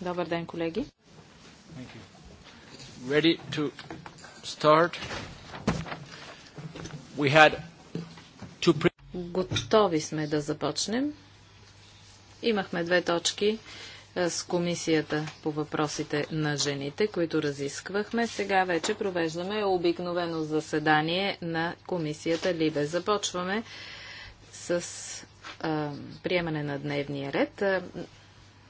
Добър ден, колеги. Ready to start. We had Готови сме да започнем. Имахме две точки е, с комисията по въпросите на жените, които разисквахме. Сега вече провеждаме обикновено заседание на комисията Либе. Започваме с а, е, приемане на дневния ред. Е,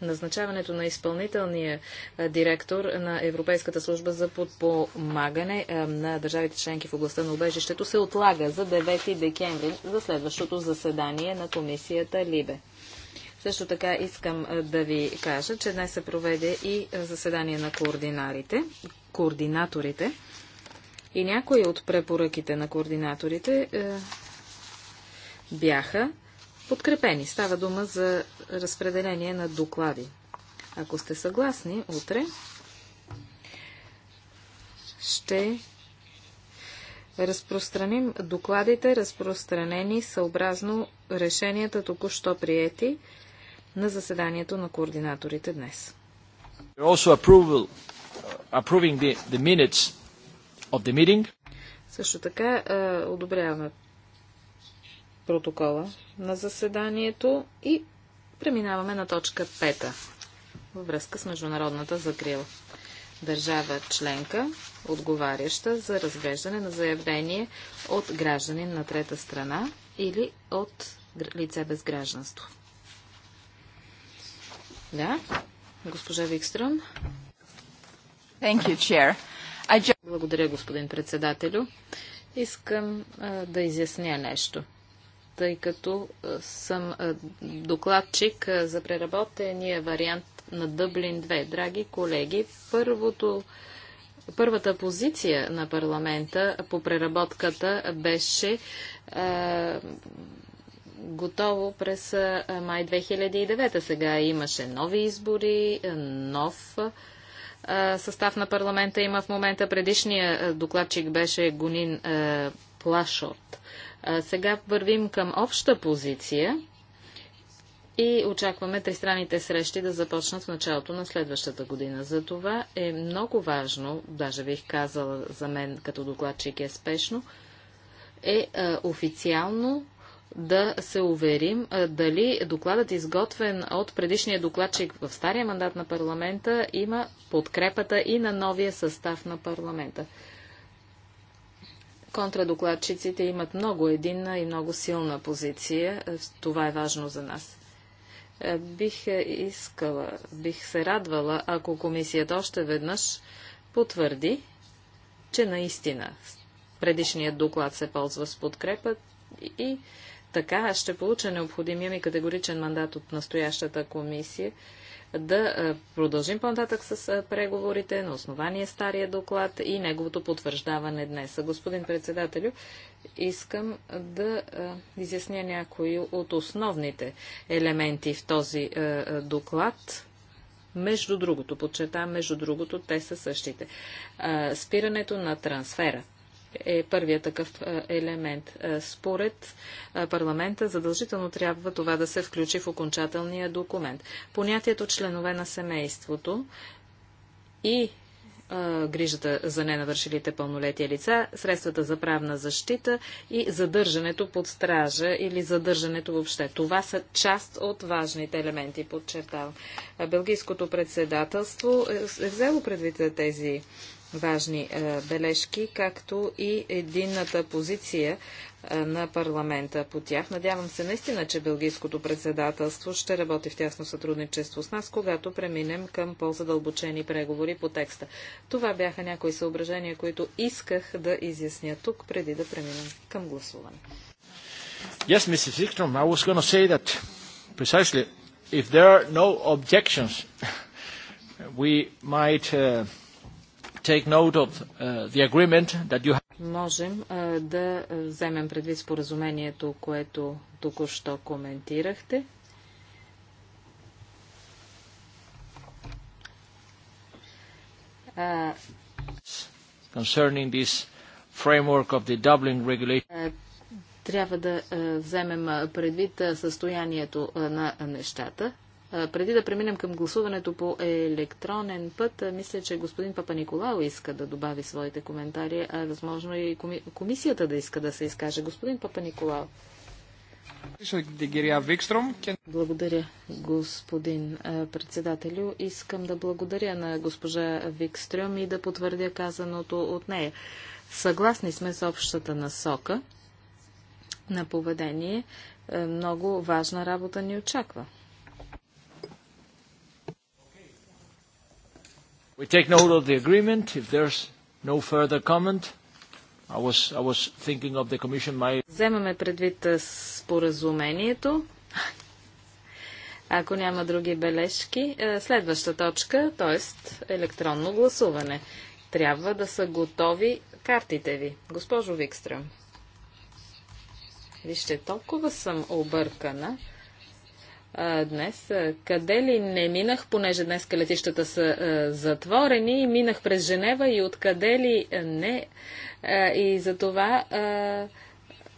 назначаването на изпълнителния директор на Европейската служба за подпомагане на държавите членки в областта на убежището се отлага за 9 декември за следващото заседание на комисията Либе. Също така искам да ви кажа, че днес се проведе и заседание на координарите, координаторите и някои от препоръките на координаторите е, бяха подкрепени. Става дума за разпределение на доклади. Ако сте съгласни, утре ще разпространим докладите, разпространени съобразно решенията току-що приети на заседанието на координаторите днес. Uh, Също така uh, одобряваме протокола на заседанието и преминаваме на точка 5 във връзка с международната закрила. Държава членка, отговаряща за разглеждане на заявление от гражданин на трета страна или от лице без гражданство. Да, госпожа Викстрон. You, I... Благодаря, господин председателю. Искам а, да изясня нещо тъй като съм докладчик за преработения вариант на Дъблин 2. Драги колеги, първото първата позиция на парламента по преработката беше е, готово през май 2009. Сега имаше нови избори, нов състав на парламента има в момента. предишният докладчик беше Гонин Плашот. Сега вървим към обща позиция и очакваме тристранните срещи да започнат в началото на следващата година. За това е много важно, даже бих казала за мен като докладчик е спешно, е официално да се уверим дали докладът изготвен от предишния докладчик в стария мандат на парламента има подкрепата и на новия състав на парламента. Контрадокладчиците имат много единна и много силна позиция. Е, това е важно за нас. Е, бих е, искала, бих се радвала, ако комисията още веднъж потвърди, че наистина предишният доклад се ползва с подкрепа и така ще получа необходимия ми категоричен мандат от настоящата комисия да продължим по-нататък с преговорите на основание стария доклад и неговото потвърждаване днес. Господин председателю, искам да изясня някои от основните елементи в този доклад. Между другото, подчертавам, между другото, те са същите. Спирането на трансфера – е първият такъв е, елемент. Е, според е, парламента задължително трябва това да се включи в окончателния документ. Понятието членове на семейството и грижата за ненавършилите пълнолетия лица, средствата за правна защита и задържането под стража или задържането въобще. Това са част от важните елементи, подчертавам. Белгийското председателство е взело предвид тези важни е, бележки, както и единната позиция е, на парламента по тях. Надявам се наистина, че Белгийското председателство ще работи в тясно сътрудничество с нас, когато преминем към по-задълбочени преговори по текста. Това бяха някои съображения, които исках да изясня тук, преди да преминем към гласуване. Yes, Mrs. Vikram, I was going to say that precisely if there are no objections, we might uh, take note of uh, the agreement that you have. Можем да вземем предвид споразумението, което току-що коментирахте. Concerning this framework of the Dublin regulation трябва да вземем предвид състоянието на нещата. Преди да преминем към гласуването по електронен път, мисля, че господин Папа Николао иска да добави своите коментари, а възможно и коми... комисията да иска да се изкаже. Господин Папа Николао. Благодаря, господин председателю. Искам да благодаря на госпожа Викстрюм и да потвърдя казаното от нея. Съгласни сме с общата насока на поведение. Е, много важна работа ни очаква. We take note of the agreement. If there's no further comment, I was, I was thinking of the commission. My... Вземаме предвид споразумението. Ако няма други бележки, следваща точка, т.е. електронно гласуване. Трябва да са готови картите ви. Госпожо Викстрам. Вижте, толкова съм объркана а, днес. Къде ли не минах, понеже днес летищата са а, затворени, минах през Женева и откъде ли не. А, и за това а,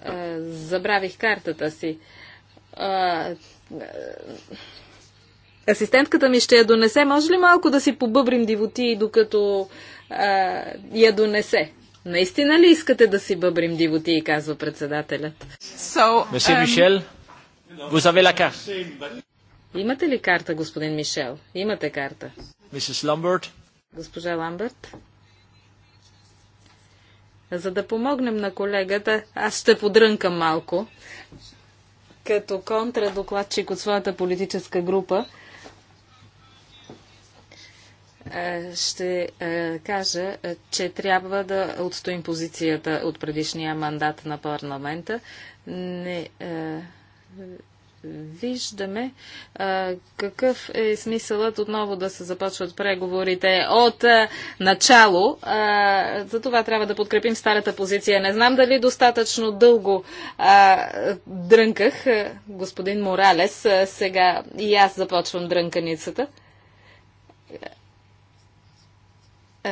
а, забравих картата си. А, асистентката ми ще я донесе. Може ли малко да си побъбрим дивоти, докато а, я донесе? Наистина ли искате да си бъбрим дивоти, казва председателят? So, um... Мишел, Имате ли карта, господин Мишел? Имате карта. Мисис Ламбърт. Госпожа Ламбърт. За да помогнем на колегата, аз ще подрънкам малко. Като контрадокладчик от своята политическа група, е, ще е, кажа, е, че трябва да отстоим позицията от предишния мандат на парламента. Не, виждаме а, какъв е смисълът отново да се започват преговорите от а, начало. А, за това трябва да подкрепим старата позиция. Не знам дали достатъчно дълго а, дрънках. Господин Моралес, а, сега и аз започвам дрънканицата.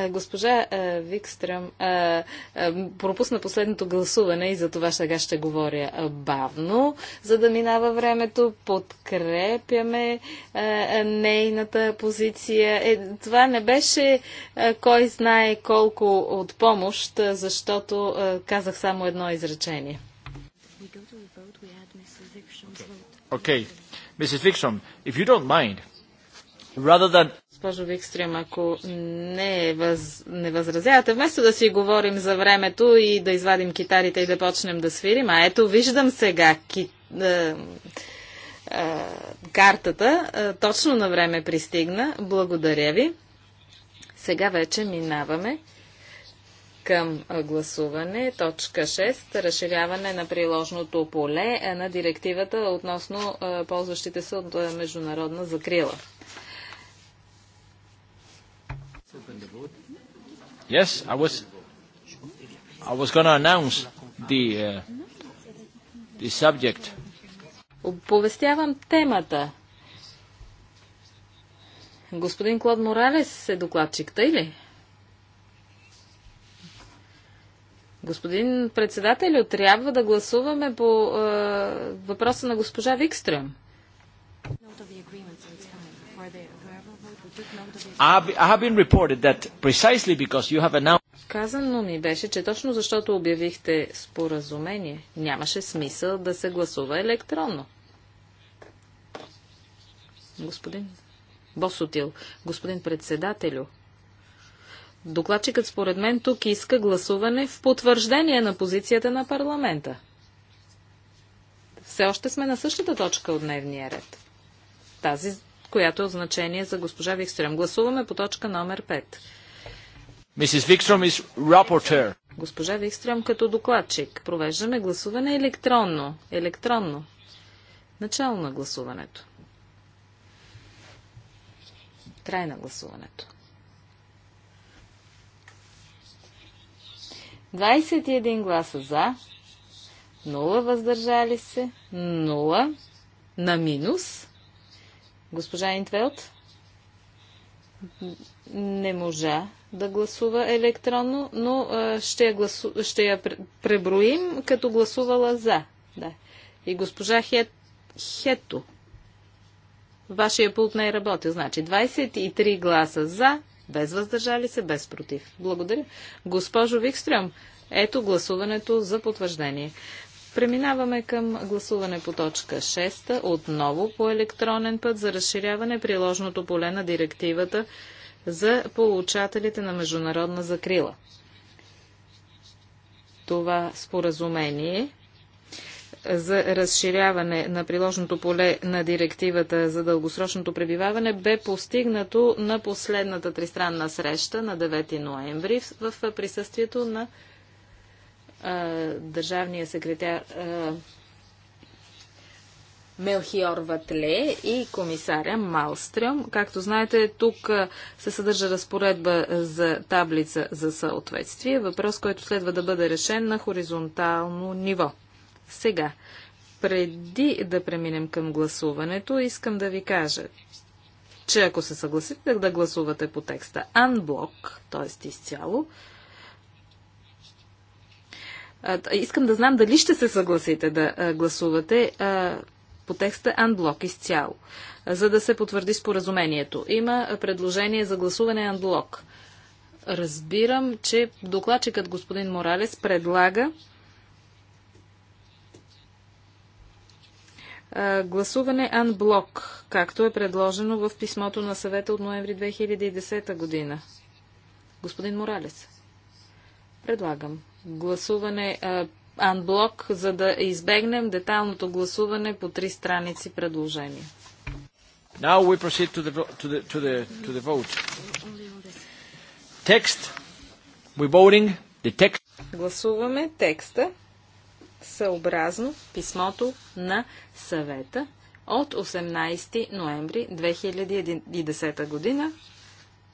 Е, госпожа е, Викстрам е, пропусна последното гласуване и за това сега ще говоря бавно, за да минава времето. Подкрепяме нейната позиция. Е, това не беше кой знае колко от помощ, защото казах само едно изречение. Okay. Mrs. Wikström, if you don't mind, rather than Госпожо Викстрим, ако не, е въз... не възразявате, вместо да си говорим за времето и да извадим китарите и да почнем да свирим, а ето виждам сега ки... а... Е, а... Е, картата, а... точно на време пристигна. Благодаря ви. Сега вече минаваме към гласуване. Точка 6. Разширяване на приложното поле на директивата относно ползващите се от международна закрила. Yes, I was, I was going to announce the, uh, the subject. Оповестявам темата. Господин Клод Моралес е докладчик, тъй ли? Господин председателю, трябва да гласуваме по е, въпроса на госпожа Викстрем. Казано ми беше, че точно защото обявихте споразумение, нямаше смисъл да се гласува електронно. Господин Босотил, господин председателю, докладчикът според мен тук иска гласуване в потвърждение на позицията на парламента. Все още сме на същата точка от дневния ред. Тази която е означение значение за госпожа Викстрем. Гласуваме по точка номер 5. Мисис Викстрем е рапортер. Госпожа Викстрем като докладчик. Провеждаме гласуване електронно. Електронно. Начало на гласуването. Край на гласуването. 21 гласа за, 0 въздържали се, 0 на минус Госпожа Интвелт не можа да гласува електронно, но ще я, гласу... ще я преброим като гласувала за. Да. И госпожа Хет... Хето. Вашия пулт не е работил. Значи 23 гласа за, без въздържали се, без против. Благодаря. Госпожо Викстрем, ето гласуването за потвърждение. Преминаваме към гласуване по точка 6, отново по електронен път за разширяване приложното поле на директивата за получателите на международна закрила. Това споразумение за разширяване на приложното поле на директивата за дългосрочното пребиваване бе постигнато на последната тристранна среща на 9 ноември в присъствието на държавния секретар Мелхиор Ватле и комисаря Малстрем. Както знаете, тук се съдържа разпоредба за таблица за съответствие, въпрос, който следва да бъде решен на хоризонтално ниво. Сега, преди да преминем към гласуването, искам да ви кажа, че ако се съгласите да гласувате по текста анблок, т.е. изцяло, Искам да знам дали ще се съгласите да гласувате по текста анблок изцяло, за да се потвърди споразумението. Има предложение за гласуване анблок. Разбирам, че докладчикът господин Моралес предлага гласуване анблок, както е предложено в писмото на съвета от ноември 2010 година. Господин Моралес, предлагам гласуване анблок, за да избегнем детайлното гласуване по три страници предложения. Гласуваме текста съобразно писмото на съвета от 18 ноември 2010 година.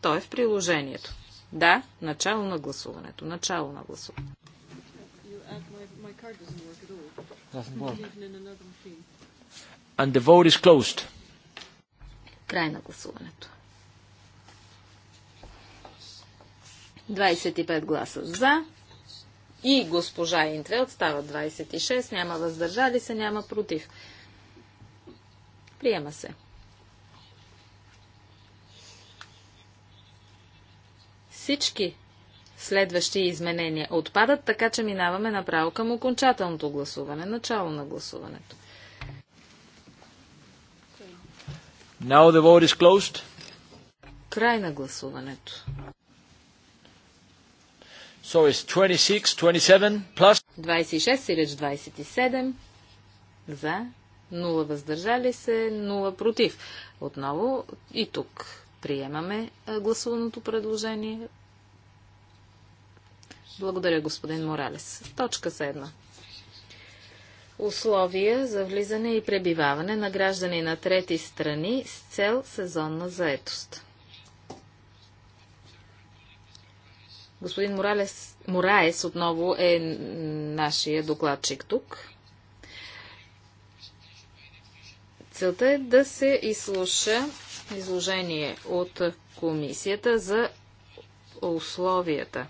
Той е в приложението. Да, начало на гласуването. Начало на гласуването. And the vote is closed. Край на гласуването. 25 гласа за и госпожа Интре, отстава 26, няма въздържали се, няма против. Приема се. Всички следващи изменения отпадат, така че минаваме направо към окончателното гласуване, начало на гласуването. Now the vote is closed. Край на гласуването. So it's 26, 27 plus 26 или 27 за 0 въздържали се, 0 против. Отново и тук приемаме гласуваното предложение благодаря, господин Моралес. Точка 7. Условия за влизане и пребиваване на граждани на трети страни с цел сезонна заетост. Господин Моралес, Мораес отново е нашия докладчик тук. Целта е да се изслуша изложение от комисията за условията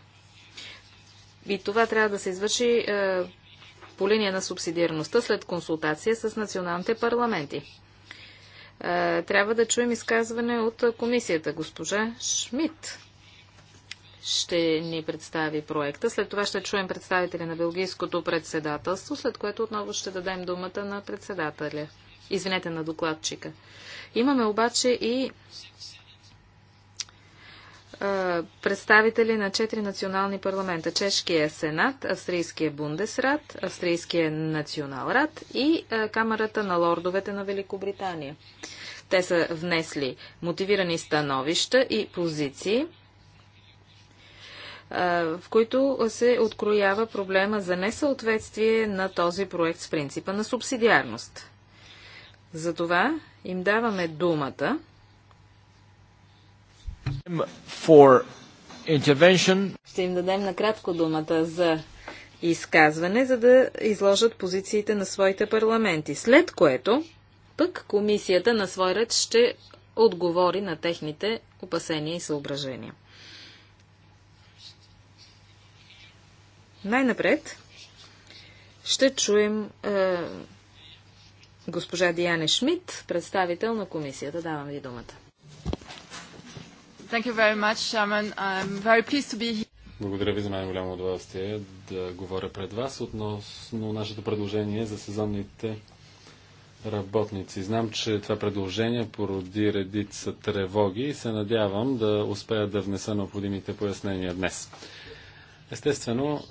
и това трябва да се извърши е, по линия на субсидиарността след консултация с националните парламенти. Е, трябва да чуем изказване от комисията. Госпожа Шмидт ще ни представи проекта. След това ще чуем представители на Белгийското председателство, след което отново ще дадем думата на председателя. Извинете, на докладчика. Имаме обаче и представители на четири национални парламента. Чешкия Сенат, Австрийския Бундесрат, Австрийския Националрат и Камерата на лордовете на Великобритания. Те са внесли мотивирани становища и позиции, в които се откроява проблема за несъответствие на този проект с принципа на субсидиарност. Затова им даваме думата – ще им дадем накратко думата за изказване, за да изложат позициите на своите парламенти, след което пък комисията на свой ред ще отговори на техните опасения и съображения. Най-напред ще чуем е, госпожа Диане Шмидт, представител на комисията. Давам ви думата. Thank you very much, I'm very pleased to be here. Благодаря ви за най-голямо удоволствие да говоря пред вас относно нашето предложение за сезонните работници. Знам, че това предложение породи редица тревоги и се надявам да успея да внеса необходимите пояснения днес. Естествено,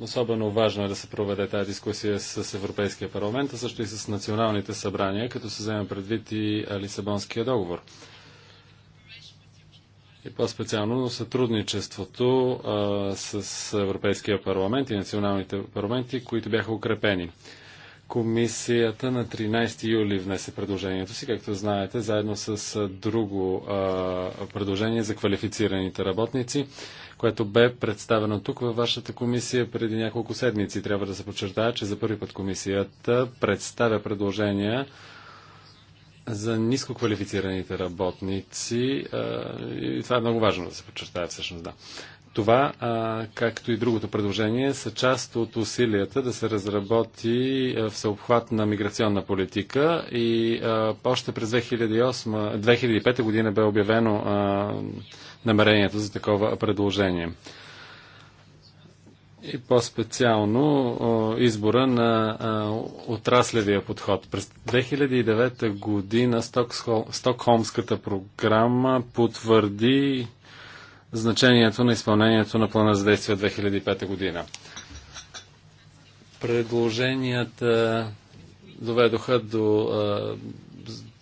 особено важно е да се проведе тази дискусия с Европейския парламент, а също и с националните събрания, като се вземе предвид и Лисабонския договор и по-специално сътрудничеството а, с Европейския парламент и националните парламенти, които бяха укрепени. Комисията на 13 юли внесе предложението си, както знаете, заедно с друго а, предложение за квалифицираните работници, което бе представено тук във вашата комисия преди няколко седмици. Трябва да се подчертая, че за първи път комисията представя предложения за ниско квалифицираните работници. И това е много важно да се подчертая всъщност, да. Това, както и другото предложение, са част от усилията да се разработи всеобхватна миграционна политика и още през 2008, 2005 година бе обявено намерението за такова предложение и по-специално избора на отраслевия подход. През 2009 година Стокхолмската програма потвърди значението на изпълнението на плана за действие 2005 година. Предложенията доведоха до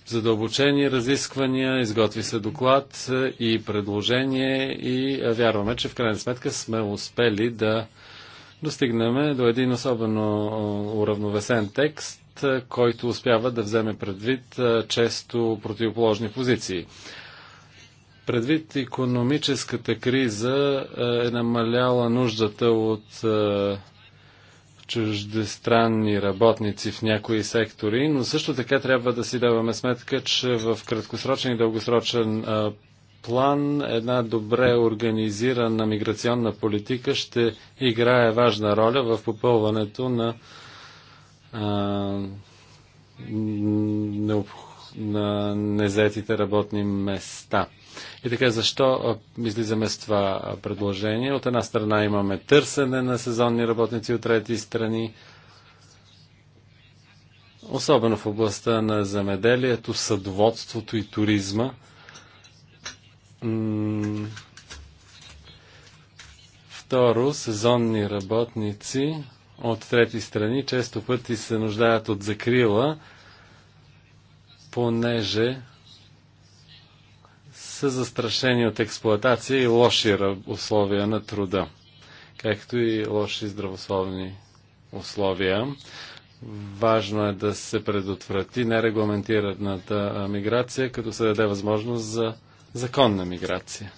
задълбочени разисквания, изготви се доклад и предложение и вярваме, че в крайна сметка сме успели да достигнем до един особено уравновесен текст, който успява да вземе предвид често противоположни позиции. Предвид економическата криза е намаляла нуждата от чуждестранни работници в някои сектори, но също така трябва да си даваме сметка, че в краткосрочен и дългосрочен план една добре организирана миграционна политика ще играе важна роля в попълването на а, на незетите работни места. И така, защо излизаме с това предложение? От една страна имаме търсене на сезонни работници от трети страни, особено в областта на земеделието, съдоводството и туризма – Второ, сезонни работници от трети страни често пъти се нуждаят от закрила, понеже са застрашени от експлоатация и лоши условия на труда, както и лоши здравословни условия. Важно е да се предотврати нерегламентираната миграция, като се даде възможност за законна миграция.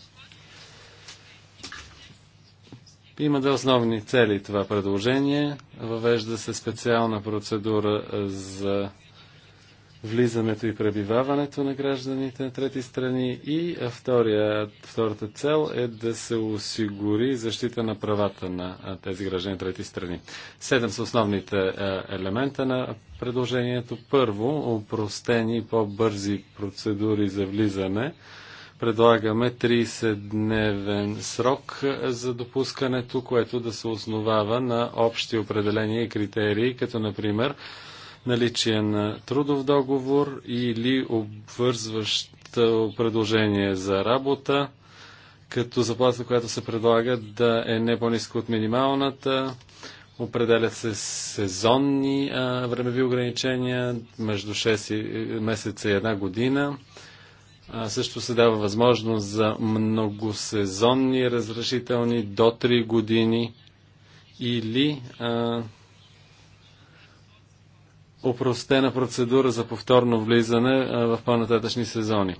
Има две основни цели това предложение. Въвежда се специална процедура за влизането и пребиваването на гражданите на трети страни и втория, втората цел е да се осигури защита на правата на тези граждани на трети страни. Седем са основните елемента на предложението. Първо, упростени по-бързи процедури за влизане предлагаме 30-дневен срок за допускането, което да се основава на общи определения и критерии, като например наличие на трудов договор или обвързващо предложение за работа, като заплата, която се предлага да е не по-ниска от минималната, определят се сезонни а, времеви ограничения между 6 месеца и една година, също се дава възможност за многосезонни разрешителни до 3 години или а, упростена процедура за повторно влизане а, в по-нататъчни сезони.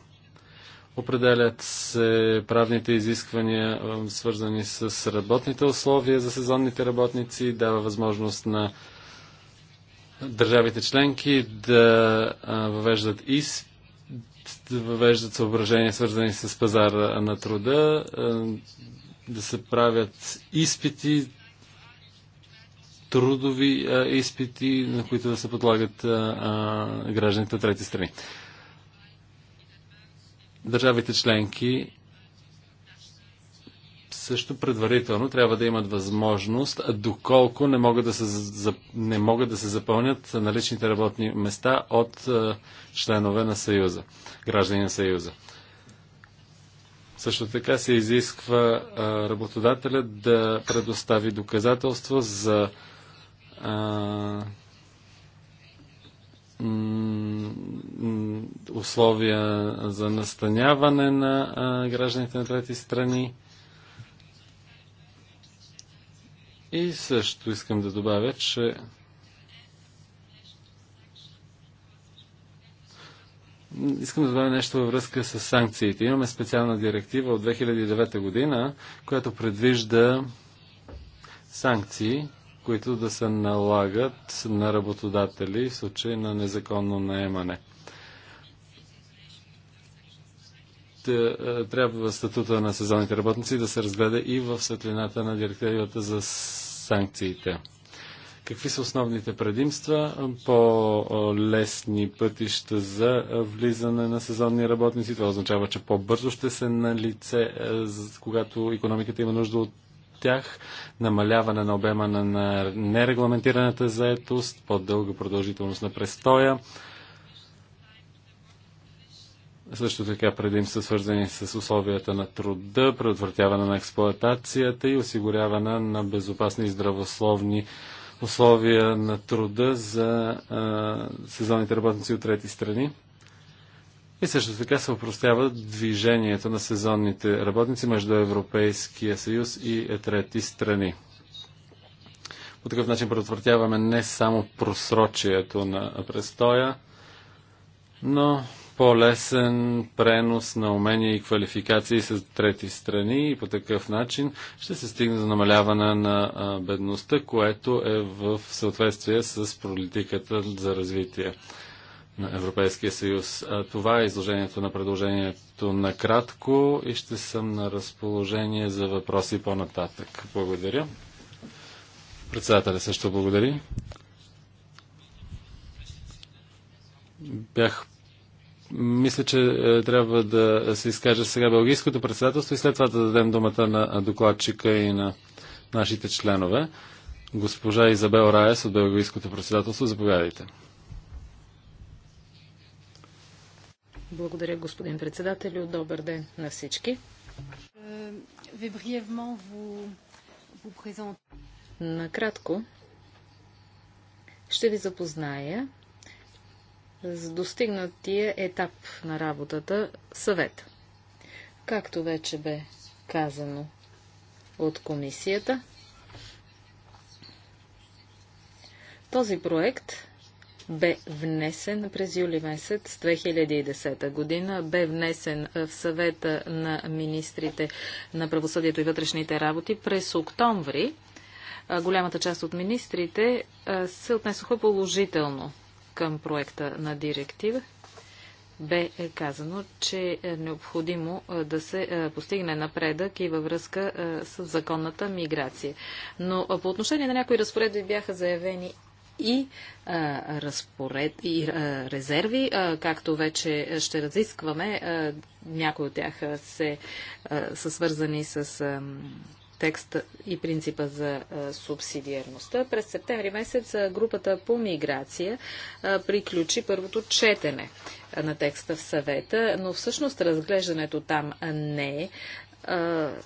Определят се правните изисквания, а, свързани с работните условия за сезонните работници, дава възможност на държавите членки да а, въвеждат изпит въвеждат съображения, свързани с пазара на труда, е, да се правят изпити, трудови е, изпити, на които да се подлагат е, гражданите от трети страни. Държавите членки също предварително трябва да имат възможност, доколко не могат да се, не могат да се запълнят наличните работни места от е, членове на Съюза, граждани на Съюза. Също така се изисква е, работодателя да предостави доказателство за а, е, условия за настаняване на гражданите на трети страни И също искам да добавя, че Искам да добавя нещо във връзка с санкциите. Имаме специална директива от 2009 година, която предвижда санкции, които да се налагат на работодатели в случай на незаконно наемане. ще трябва статута на сезонните работници да се разгледа и в светлината на директивата за санкциите. Какви са основните предимства? По-лесни пътища за влизане на сезонни работници. Това означава, че по-бързо ще се на лице, е, когато економиката има нужда от тях, намаляване на обема на нерегламентираната заетост, по-дълга продължителност на престоя, също така предимства свързани с условията на труда, предотвратяване на експлоатацията и осигуряване на безопасни и здравословни условия на труда за а, сезонните работници от трети страни. И също така се упростява движението на сезонните работници между Европейския съюз и трети страни. По такъв начин предотвратяваме не само просрочието на престоя, но по-лесен пренос на умения и квалификации с трети страни и по такъв начин ще се стигне до намаляване на бедността, което е в съответствие с политиката за развитие на Европейския съюз. Това е изложението на предложението на кратко и ще съм на разположение за въпроси по-нататък. Благодаря. Председателя също благодари. Бях мисля, че е, трябва да се изкаже сега Белгийското председателство и след това да дадем думата на докладчика и на нашите членове. Госпожа Изабел Раес от Белгийското председателство, заповядайте. Благодаря, господин председател, Добър ден на всички. Накратко ще ви запозная с достигнатия етап на работата съвет. Както вече бе казано от комисията, този проект бе внесен през юли месец 2010 година, бе внесен в съвета на министрите на правосъдието и вътрешните работи през октомври. Голямата част от министрите се отнесоха положително към проекта на директива бе е, казано, че е необходимо е, да се е, постигне напредък и във връзка с законната миграция. Но по отношение на някои разпоредби бяха заявени и, а, разпоред, и а, резерви, а, както вече ще разискваме. А, някои от тях се, а, са свързани с а, текста и принципа за субсидиарността. През септември месец групата по миграция приключи първото четене на текста в съвета, но всъщност разглеждането там не е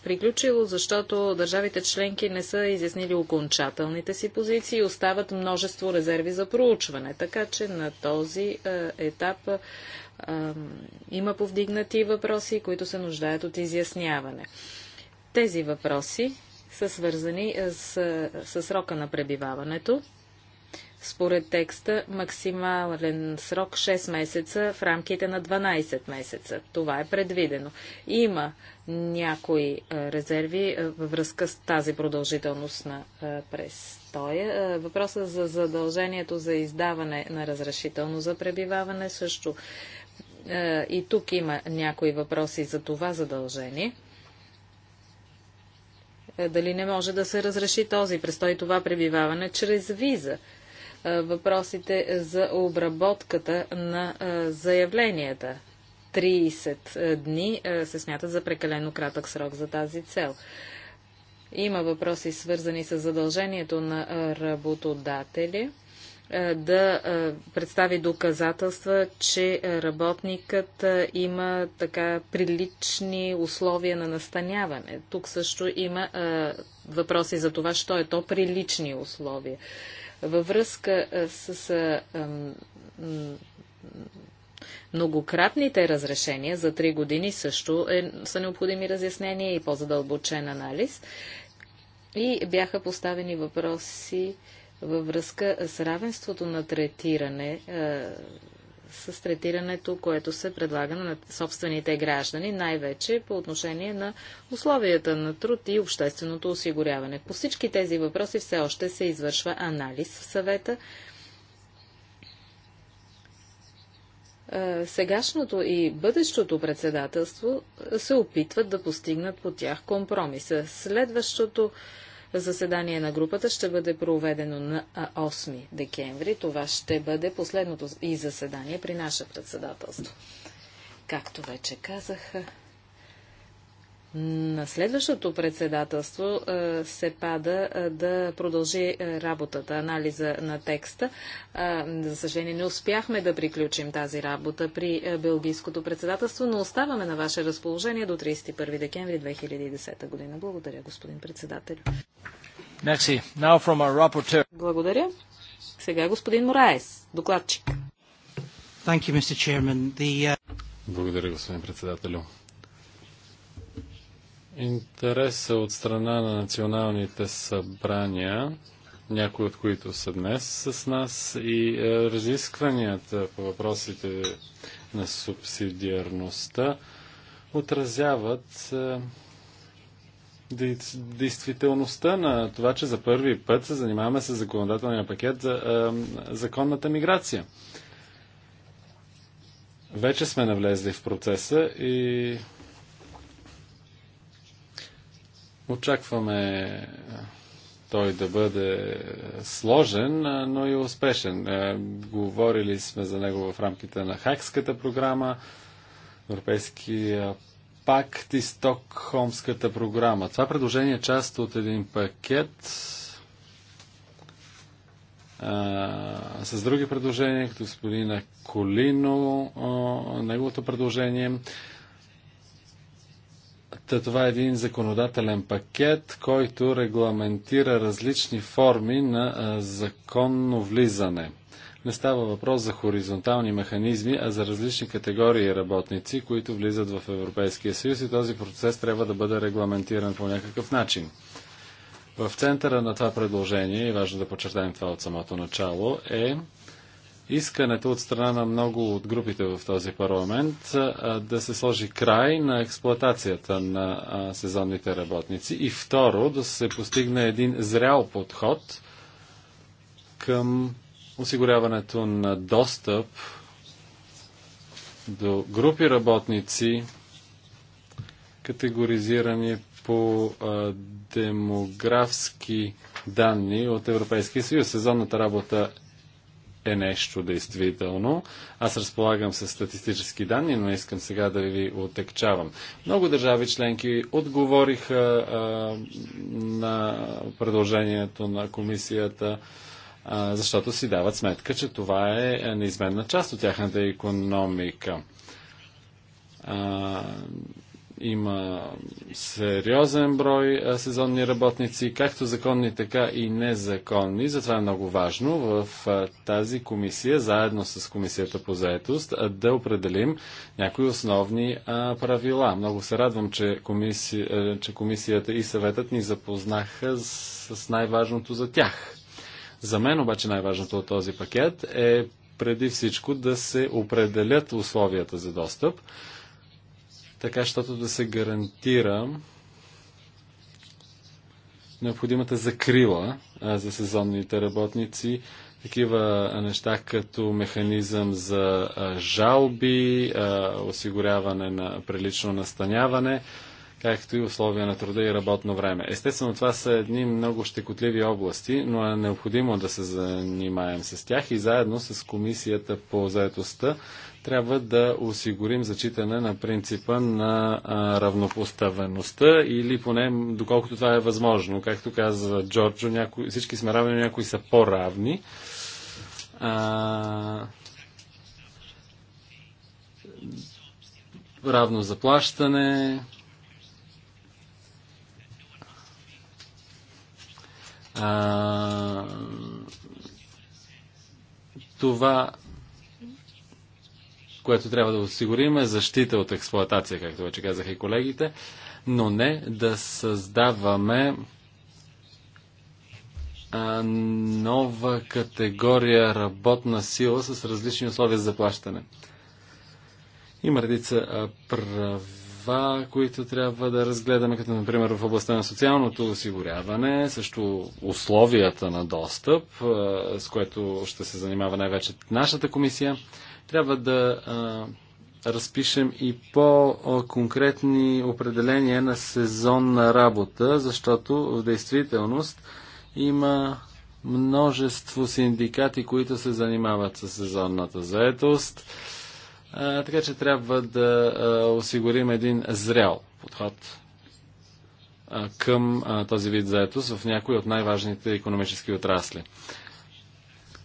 приключило, защото държавите членки не са изяснили окончателните си позиции и остават множество резерви за проучване. Така че на този етап има повдигнати въпроси, които се нуждаят от изясняване. Тези въпроси са свързани е, с, е, с срока на пребиваването. Според текста максимален срок 6 месеца в рамките на 12 месеца. Това е предвидено. Има някои е, резерви във връзка с тази продължителност на престоя. Въпросът за задължението за издаване на разрешително за пребиваване също. И тук има някои въпроси за това задължение. Е, дали не може да се разреши този престой това пребиваване чрез виза. Е, въпросите за обработката на е, заявленията. 30 дни се смятат за прекалено кратък срок за тази цел. Има въпроси свързани с задължението на работодатели е, да е, представи доказателства, че е, работникът има така прилични условия на настаняване. Тук също има въпроси за това, що е то прилични условия. Във връзка с многократните разрешения за три години също е, са необходими разяснения и по-задълбочен анализ. И бяха поставени въпроси във връзка с равенството на третиране е, с третирането, което се предлага на собствените граждани, най-вече по отношение на условията на труд и общественото осигуряване. По всички тези въпроси все още се извършва анализ в съвета. Е, сегашното и бъдещото председателство се опитват да постигнат по тях компромиса. Следващото Заседание на групата ще бъде проведено на 8 декември. Това ще бъде последното и заседание при наше председателство. Както вече казах, на следващото председателство е, се пада е, да продължи е, работата, анализа на текста. За съжаление, не успяхме да приключим тази работа при Белгийското председателство, но оставаме на ваше разположение до 31 декември 2010 година. Благодаря, господин председател. Благодаря. Сега господин Мораес, докладчик. You, The... Uh, Благодаря, господин председателю интереса от страна на националните събрания, някои от които са днес с нас, и е, разискванията по въпросите на субсидиарността отразяват е, действителността на това, че за първи път се занимаваме с законодателния пакет за е, законната миграция. Вече сме навлезли в процеса и Очакваме той да бъде сложен, но и успешен. Говорили сме за него в рамките на Хакската програма, Европейския пакт и Стокхолмската програма. Това предложение е част от един пакет а, с други предложения, като господина Колино, а, неговото предложение. Та това е един законодателен пакет, който регламентира различни форми на законно влизане. Не става въпрос за хоризонтални механизми, а за различни категории работници, които влизат в Европейския съюз и този процес трябва да бъде регламентиран по някакъв начин. В центъра на това предложение, и важно да подчертаем това от самото начало, е искането от страна на много от групите в този парламент да се сложи край на експлоатацията на сезонните работници и второ да се постигне един зрял подход към осигуряването на достъп до групи работници, категоризирани по демографски данни от Европейския съюз. Сезонната работа е нещо действително. Аз разполагам с статистически данни, но искам сега да ви отекчавам. Много държави членки отговориха а, на предложението на комисията, а, защото си дават сметка, че това е неизменна част от тяхната економика. А, има сериозен брой сезонни работници, както законни, така и незаконни. Затова е много важно в тази комисия, заедно с комисията по заетост, да определим някои основни правила. Много се радвам, че, комисия, че комисията и съветът ни запознаха с най-важното за тях. За мен обаче най-важното от този пакет е преди всичко да се определят условията за достъп, така щото да се гарантира необходимата закрила а, за сезонните работници, такива неща като механизъм за а, жалби, а, осигуряване на прилично настаняване, както и условия на труда и работно време. Естествено, това са едни много щекотливи области, но е необходимо да се занимаем с тях и заедно с Комисията по заедостта трябва да осигурим зачитане на принципа на равнопоставеността или поне доколкото това е възможно. Както каза Джорджо, някои, всички сме равни, някои са по-равни. А, равно заплащане, а, това което трябва да осигурим е защита от експлоатация, както вече казах и колегите, но не да създаваме а, нова категория работна сила с различни условия за заплащане. Има редица права, които трябва да разгледаме, като например в областта на социалното осигуряване, също условията на достъп, с което ще се занимава най-вече нашата комисия. Трябва да а, разпишем и по-конкретни определения на сезонна работа, защото в действителност има множество синдикати, които се занимават с сезонната заетост. А, така че трябва да а, осигурим един зрял подход а, към а, този вид заетост в някои от най-важните економически отрасли.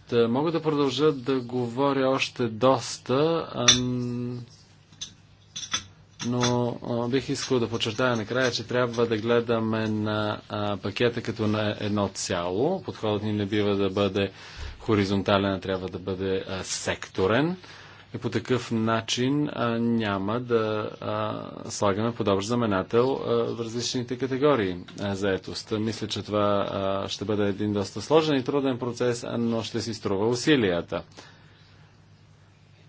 Та, е, мога да продължа да говоря още доста, но бих искал да подчертая накрая, че трябва да гледаме на пакета като на едно цяло. Подходът ни не бива да бъде хоризонтален, а трябва да бъде секторен. И по такъв начин а, няма да а, слагаме подобър заменател а, в различните категории заетост. Мисля, че това а, ще бъде един доста сложен и труден процес, но ще си струва усилията.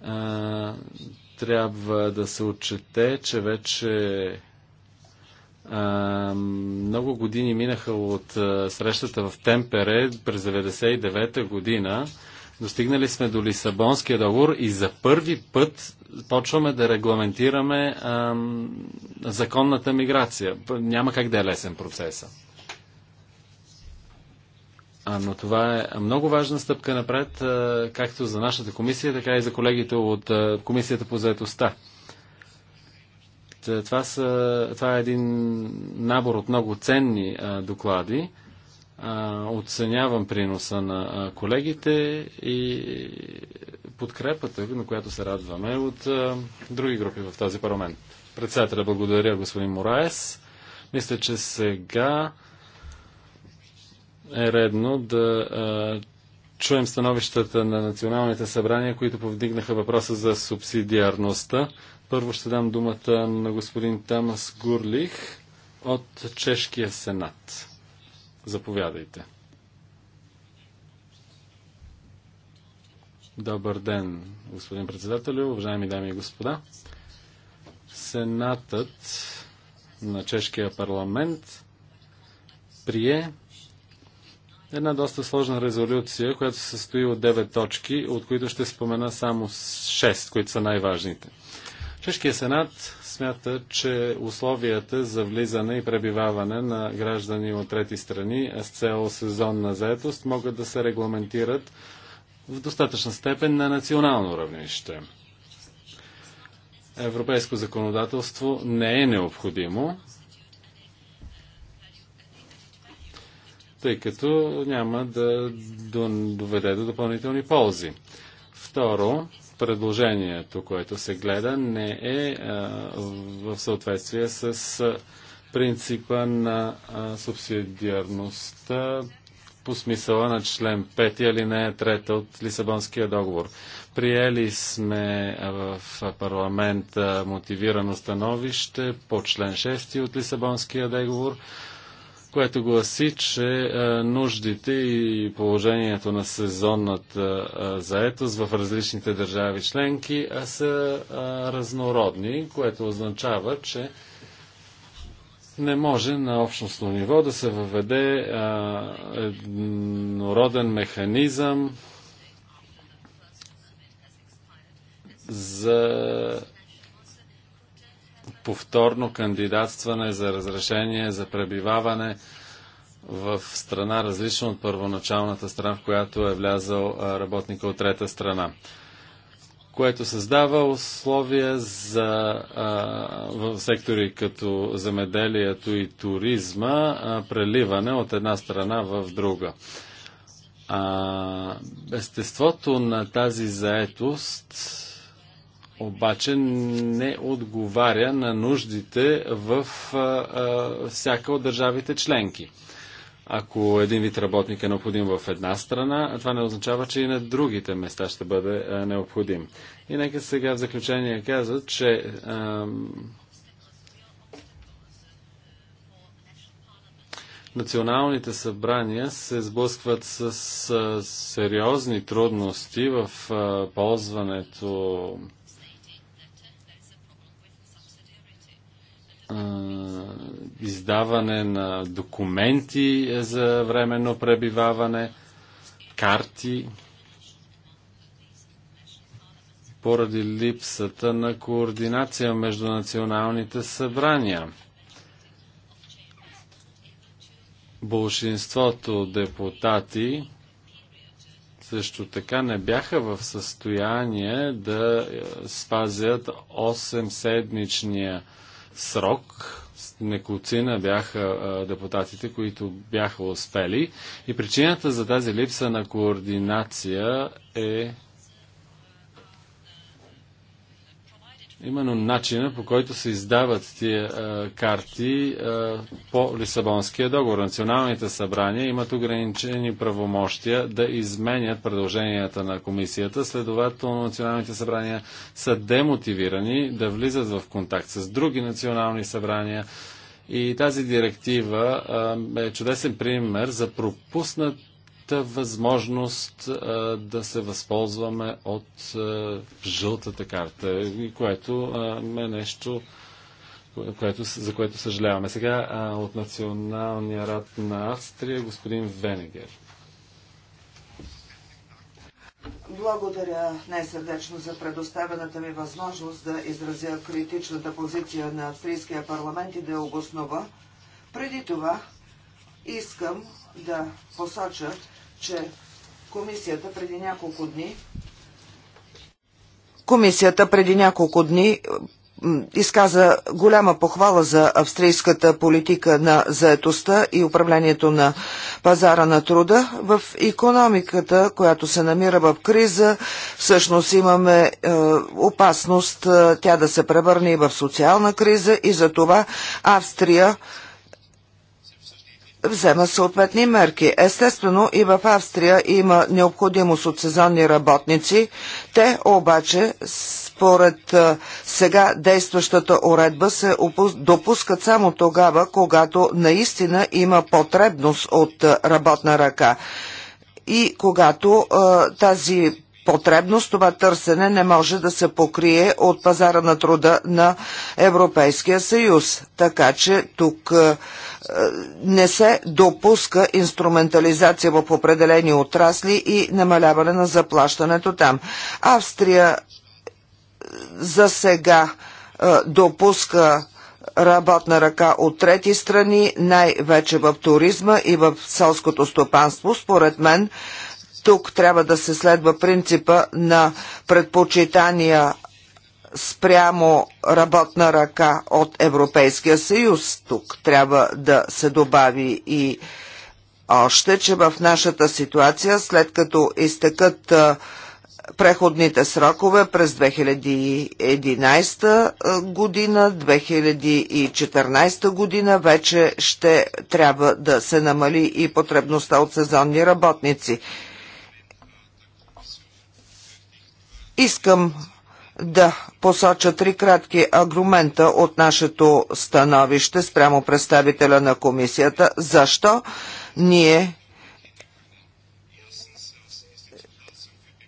А, трябва да се отчете, че вече а, много години минаха от а, срещата в Темпере през 99-та година Достигнали сме до Лисабонския договор и за първи път почваме да регламентираме ам, законната миграция. Няма как да е лесен процеса. А, но това е много важна стъпка напред, а, както за нашата комисия, така и за колегите от а, Комисията по заедостта. Това, са, това е един набор от много ценни а, доклади оценявам приноса на колегите и подкрепата, на която се радваме от други групи в този парламент. Председателя благодаря господин Мораес. Мисля, че сега е редно да чуем становищата на националните събрания, които повдигнаха въпроса за субсидиарността. Първо ще дам думата на господин Тамас Гурлих от Чешкия сенат. Заповядайте. Добър ден, господин председател, уважаеми дами и господа. Сенатът на Чешкия парламент прие една доста сложна резолюция, която се състои от 9 точки, от които ще спомена само 6, които са най-важните. Чешкият сенат смята, че условията за влизане и пребиваване на граждани от трети страни с цел сезонна заетост могат да се регламентират в достатъчна степен на национално равнище. Европейско законодателство не е необходимо, тъй като няма да доведе до допълнителни ползи. Второ, предложението, което се гледа, не е а, в съответствие с а, принципа на а, субсидиарността по смисъла на член 5 алинея 3 от Лисабонския договор. Приели сме в парламента мотивирано становище по член 6 от Лисабонския договор което гласи, че нуждите и положението на сезонната заетост в различните държави членки са разнородни, което означава, че не може на общностно ниво да се въведе еднороден механизъм за повторно кандидатстване за разрешение за пребиваване в страна, различна от първоначалната страна, в която е влязал работника от трета страна което създава условия за в сектори като земеделието и туризма преливане от една страна в друга. А, естеството на тази заетост обаче не отговаря на нуждите в а, а, всяка от държавите членки. Ако един вид работник е необходим в една страна, това не означава, че и на другите места ще бъде а, необходим. И нека сега в заключение каза, че а, националните събрания се сблъскват с, с сериозни трудности в а, ползването издаване на документи за временно пребиваване, карти, поради липсата на координация между националните събрания. Болшинството депутати също така не бяха в състояние да спазят 8-седмичния срок. Неколцина бяха депутатите, които бяха успели. И причината за тази липса на координация е именно начина по който се издават тия а, карти а, по Лисабонския договор. Националните събрания имат ограничени правомощия да изменят предложенията на комисията, следователно националните събрания са демотивирани да влизат в контакт с други национални събрания. И тази директива а, е чудесен пример за пропуснат възможност а, да се възползваме от а, жълтата карта, което а, е нещо, което, за което съжаляваме. Сега а, от Националния рад на Австрия господин Венегер. Благодаря най-сърдечно за предоставената ми възможност да изразя критичната позиция на австрийския парламент и да я обоснова. Преди това искам да посоча, че комисията преди няколко дни Комисията преди няколко дни изказа голяма похвала за австрийската политика на заетостта и управлението на пазара на труда. В економиката, която се намира в криза, всъщност имаме е, опасност е, тя да се превърне и в социална криза и за това Австрия взема съответни мерки. Естествено и в Австрия има необходимост от сезонни работници. Те обаче според сега действащата уредба се допускат само тогава, когато наистина има потребност от работна ръка и когато а, тази потребност, това търсене не може да се покрие от пазара на труда на Европейския съюз. Така че тук е, е, не се допуска инструментализация в определени отрасли и намаляване на заплащането там. Австрия е, за сега допуска работна ръка от трети страни, най-вече в туризма и в селското стопанство. Според мен тук трябва да се следва принципа на предпочитания спрямо работна ръка от Европейския съюз. Тук трябва да се добави и още, че в нашата ситуация, след като изтекат преходните срокове през 2011 година, 2014 година вече ще трябва да се намали и потребността от сезонни работници. Искам да посоча три кратки аргумента от нашето становище спрямо представителя на комисията. Защо ние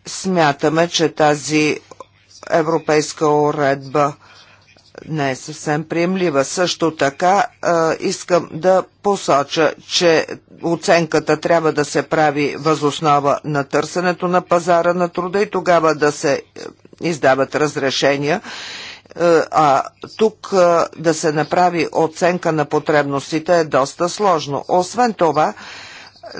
смятаме, че тази европейска уредба – не е съвсем приемлива. Също така а, искам да посоча, че оценката трябва да се прави възоснова на търсенето на пазара на труда и тогава да се е, издават разрешения е, а тук е, да се направи оценка на потребностите е доста сложно. Освен това,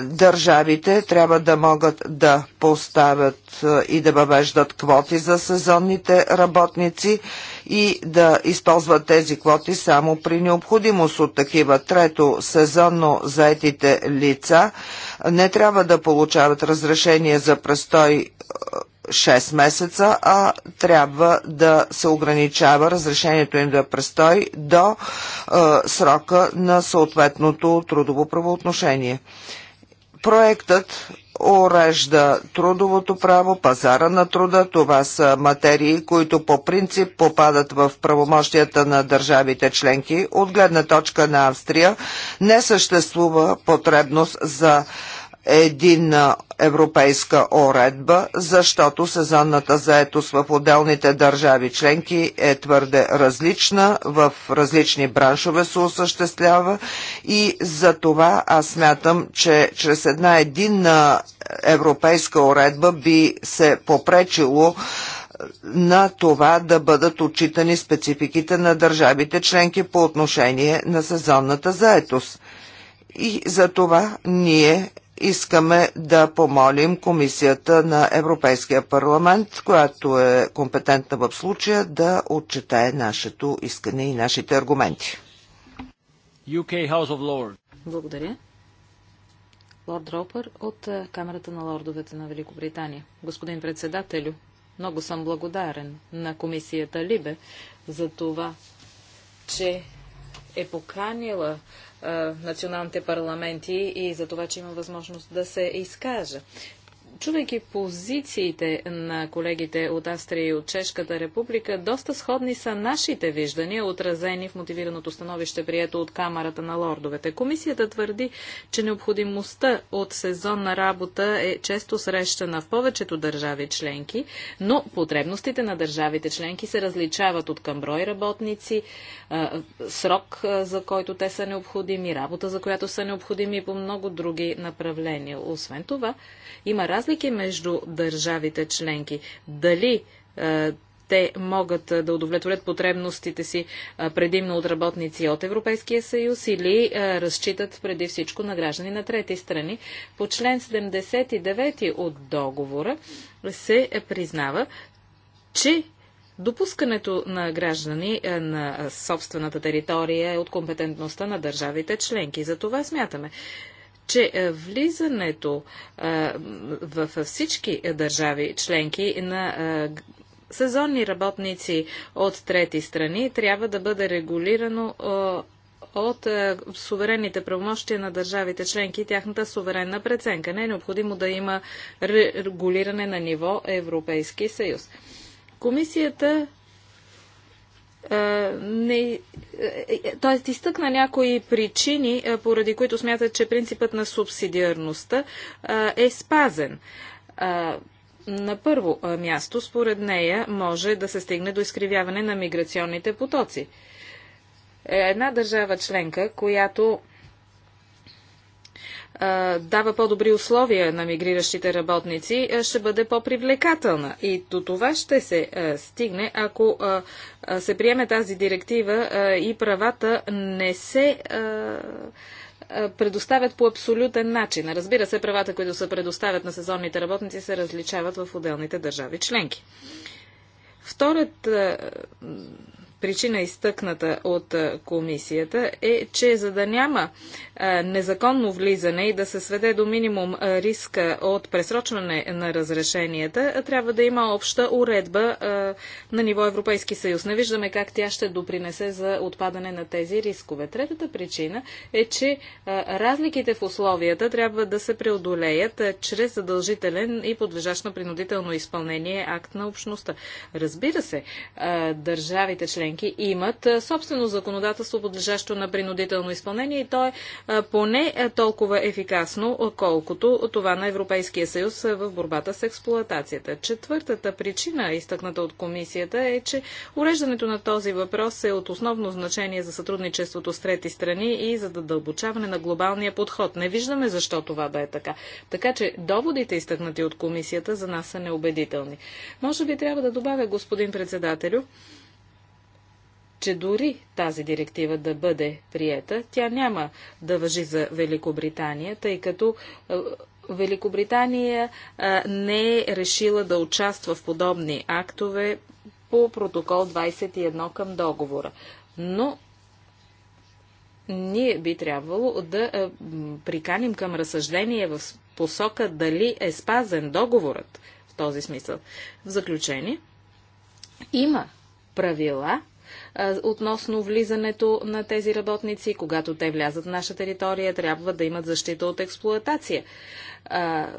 държавите трябва да могат да поставят и да въвеждат квоти за сезонните работници, и да използват тези квоти само при необходимост от такива. Трето, сезонно заетите лица не трябва да получават разрешение за престой 6 е, месеца, а трябва да се ограничава разрешението им да престой до е, срока на съответното трудово правоотношение. Проектът урежда трудовото право, пазара на труда. Това са материи, които по принцип попадат в правомощията на държавите членки. От гледна точка на Австрия не съществува потребност за единна европейска оредба, защото сезонната заетост в отделните държави членки е твърде различна, в различни браншове се осъществява и за това аз смятам, че чрез една единна европейска уредба би се попречило на това да бъдат отчитани спецификите на държавите членки по отношение на сезонната заетост. И за това ние искаме да помолим Комисията на Европейския парламент, която е компетентна в случая, да отчете нашето искане и нашите аргументи. UK House of Благодаря. Лорд Ропър от е, Камерата на лордовете на Великобритания. Господин председателю, много съм благодарен на комисията Либе за това, че е поканила националните парламенти и за това, че има възможност да се изкажа. Чувайки позициите на колегите от Австрия и от Чешката република, доста сходни са нашите виждания, отразени в мотивираното становище, прието от Камерата на лордовете. Комисията твърди, че необходимостта от сезонна работа е често срещана в повечето държави членки, но потребностите на държавите членки се различават от към брой работници, срок, за който те са необходими, работа, за която са необходими и по много други направления. Освен това, има разлика разлики между държавите членки. Дали е, те могат е, да удовлетворят потребностите си е, предимно от работници от Европейския съюз или разчитат преди всичко на граждани на трети страни. По член 79 от договора се признава, че Допускането на граждани на собствената територия е от компетентността на държавите членки. За това смятаме, че е, влизането е, в всички държави членки на е, сезонни работници от трети страни трябва да бъде регулирано от суверенните правомощия на държавите членки и тяхната суверенна преценка. Не е необходимо да има регулиране на ниво Европейски съюз. Комисията е, не, т.е. изтъкна някои причини, е, поради които смятат, че принципът на субсидиарността е, е спазен. На първо място, според нея, може да се стигне до изкривяване на миграционните потоци. Една държава членка, която дава по-добри условия на мигриращите работници, ще бъде по-привлекателна. И до това ще се стигне, ако се приеме тази директива и правата не се предоставят по абсолютен начин. Разбира се, правата, които се предоставят на сезонните работници, се различават в отделните държави членки. Втората причина изтъкната от комисията е, че за да няма незаконно влизане и да се сведе до минимум риска от пресрочване на разрешенията, трябва да има обща уредба на ниво Европейски съюз. Не виждаме как тя ще допринесе за отпадане на тези рискове. Третата причина е, че разликите в условията трябва да се преодолеят чрез задължителен и подлежащ на принудително изпълнение акт на общността. Разбира се, държавите член членки имат собствено законодателство, подлежащо на принудително изпълнение и то е поне толкова ефикасно, колкото това на Европейския съюз в борбата с експлоатацията. Четвъртата причина, изтъкната от комисията, е, че уреждането на този въпрос е от основно значение за сътрудничеството с трети страни и за задълбочаване на глобалния подход. Не виждаме защо това да е така. Така че доводите, изтъкнати от комисията, за нас са неубедителни. Може би трябва да добавя, господин председателю, че дори тази директива да бъде приета, тя няма да въжи за Великобритания, тъй като е, Великобритания е, не е решила да участва в подобни актове по протокол 21 към договора. Но ние би трябвало да е, приканим към разсъждение в посока дали е спазен договорът в този смисъл. В заключение, има правила, относно влизането на тези работници. Когато те влязат в наша територия, трябва да имат защита от експлуатация.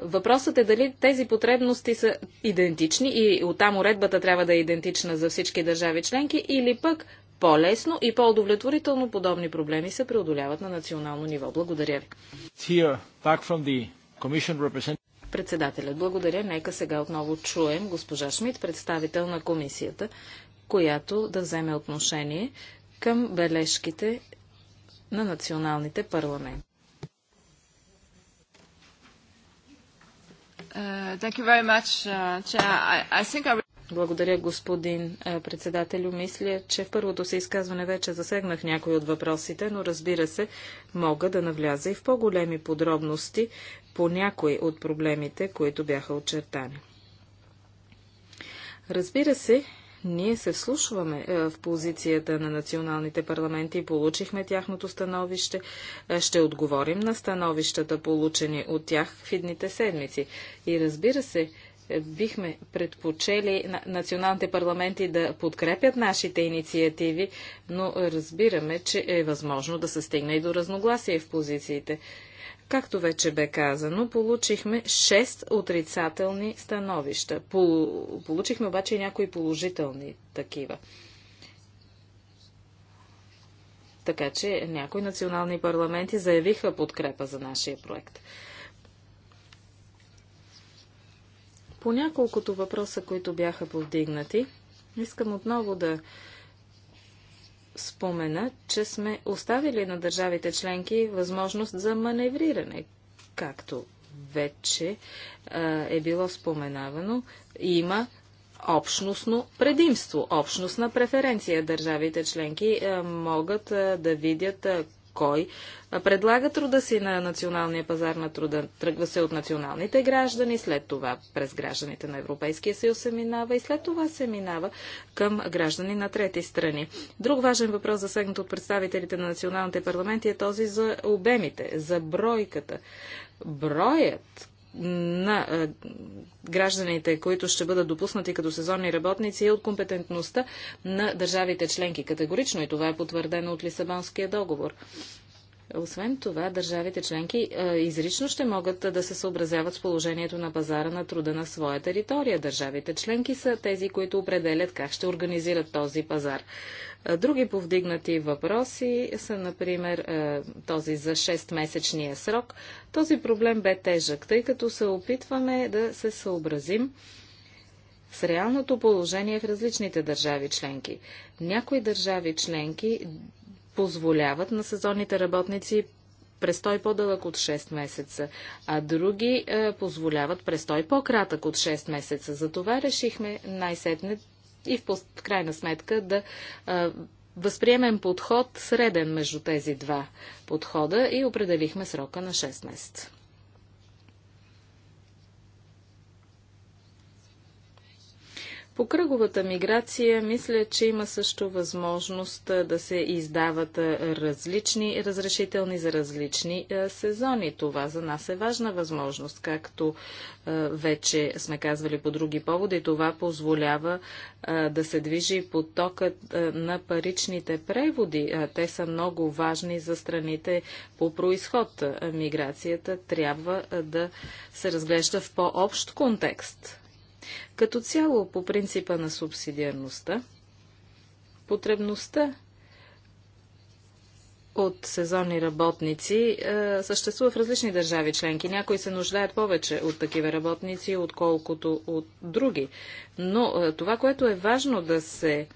Въпросът е дали тези потребности са идентични и оттам уредбата трябва да е идентична за всички държави членки или пък по-лесно и по-удовлетворително подобни проблеми се преодоляват на национално ниво. Благодаря ви. Председателят, благодаря. Нека сега отново чуем госпожа Шмидт, представител на комисията която да вземе отношение към бележките на националните парламенти. Uh, uh, Благодаря, господин председателю. Мисля, че в първото си изказване вече засегнах някои от въпросите, но разбира се, мога да навляза и в по-големи подробности по някои от проблемите, които бяха очертани. Разбира се, ние се вслушваме е, в позицията на националните парламенти, получихме тяхното становище, е, ще отговорим на становищата, получени от тях в едните седмици. И разбира се, е, бихме предпочели националните парламенти да подкрепят нашите инициативи, но разбираме, че е възможно да се стигне и до разногласие в позициите. Както вече бе казано, получихме 6 отрицателни становища. Получихме обаче и някои положителни такива. Така че някои национални парламенти заявиха подкрепа за нашия проект. По няколкото въпроса, които бяха повдигнати, искам отново да спомена, че сме оставили на държавите членки възможност за маневриране, както вече а, е било споменавано, има общностно предимство, общностна преференция. Държавите членки а, могат а, да видят а, кой предлага труда си на националния пазар на труда. Тръгва се от националните граждани, след това през гражданите на Европейския съюз се минава и след това се минава към граждани на трети страни. Друг важен въпрос, засегнат от представителите на националните парламенти, е този за обемите, за бройката. Броят, на е, гражданите, които ще бъдат допуснати като сезонни работници, е от компетентността на държавите членки. Категорично и това е потвърдено от Лисабонския договор. Освен това, държавите членки а, е, изрично ще могат да се съобразяват с положението на пазара на труда на своя територия. Държавите членки са тези, които определят как ще организират този пазар. Е, други повдигнати въпроси са, например, е, този за 6-месечния срок. Този проблем бе тежък, тъй като се опитваме да се съобразим с реалното положение в различните държави членки. Някои държави членки позволяват на сезонните работници престой по-дълъг от 6 месеца, а други е, позволяват престой по-кратък от 6 месеца. Затова решихме най-сетне и в, крайна сметка да е, възприемем подход среден между тези два подхода и определихме срока на 6 месеца. По кръговата миграция мисля, че има също възможност да се издават различни разрешителни за различни сезони. Това за нас е важна възможност, както вече сме казвали по други поводи. Това позволява да се движи потокът на паричните преводи. Те са много важни за страните по происход. Миграцията трябва да се разглежда в по-общ контекст като цяло, по принципа на субсидиарността, потребността от сезонни работници е, съществува в различни държави членки. Някои се нуждаят повече от такива работници, отколкото от други. Но е, това, което е важно да се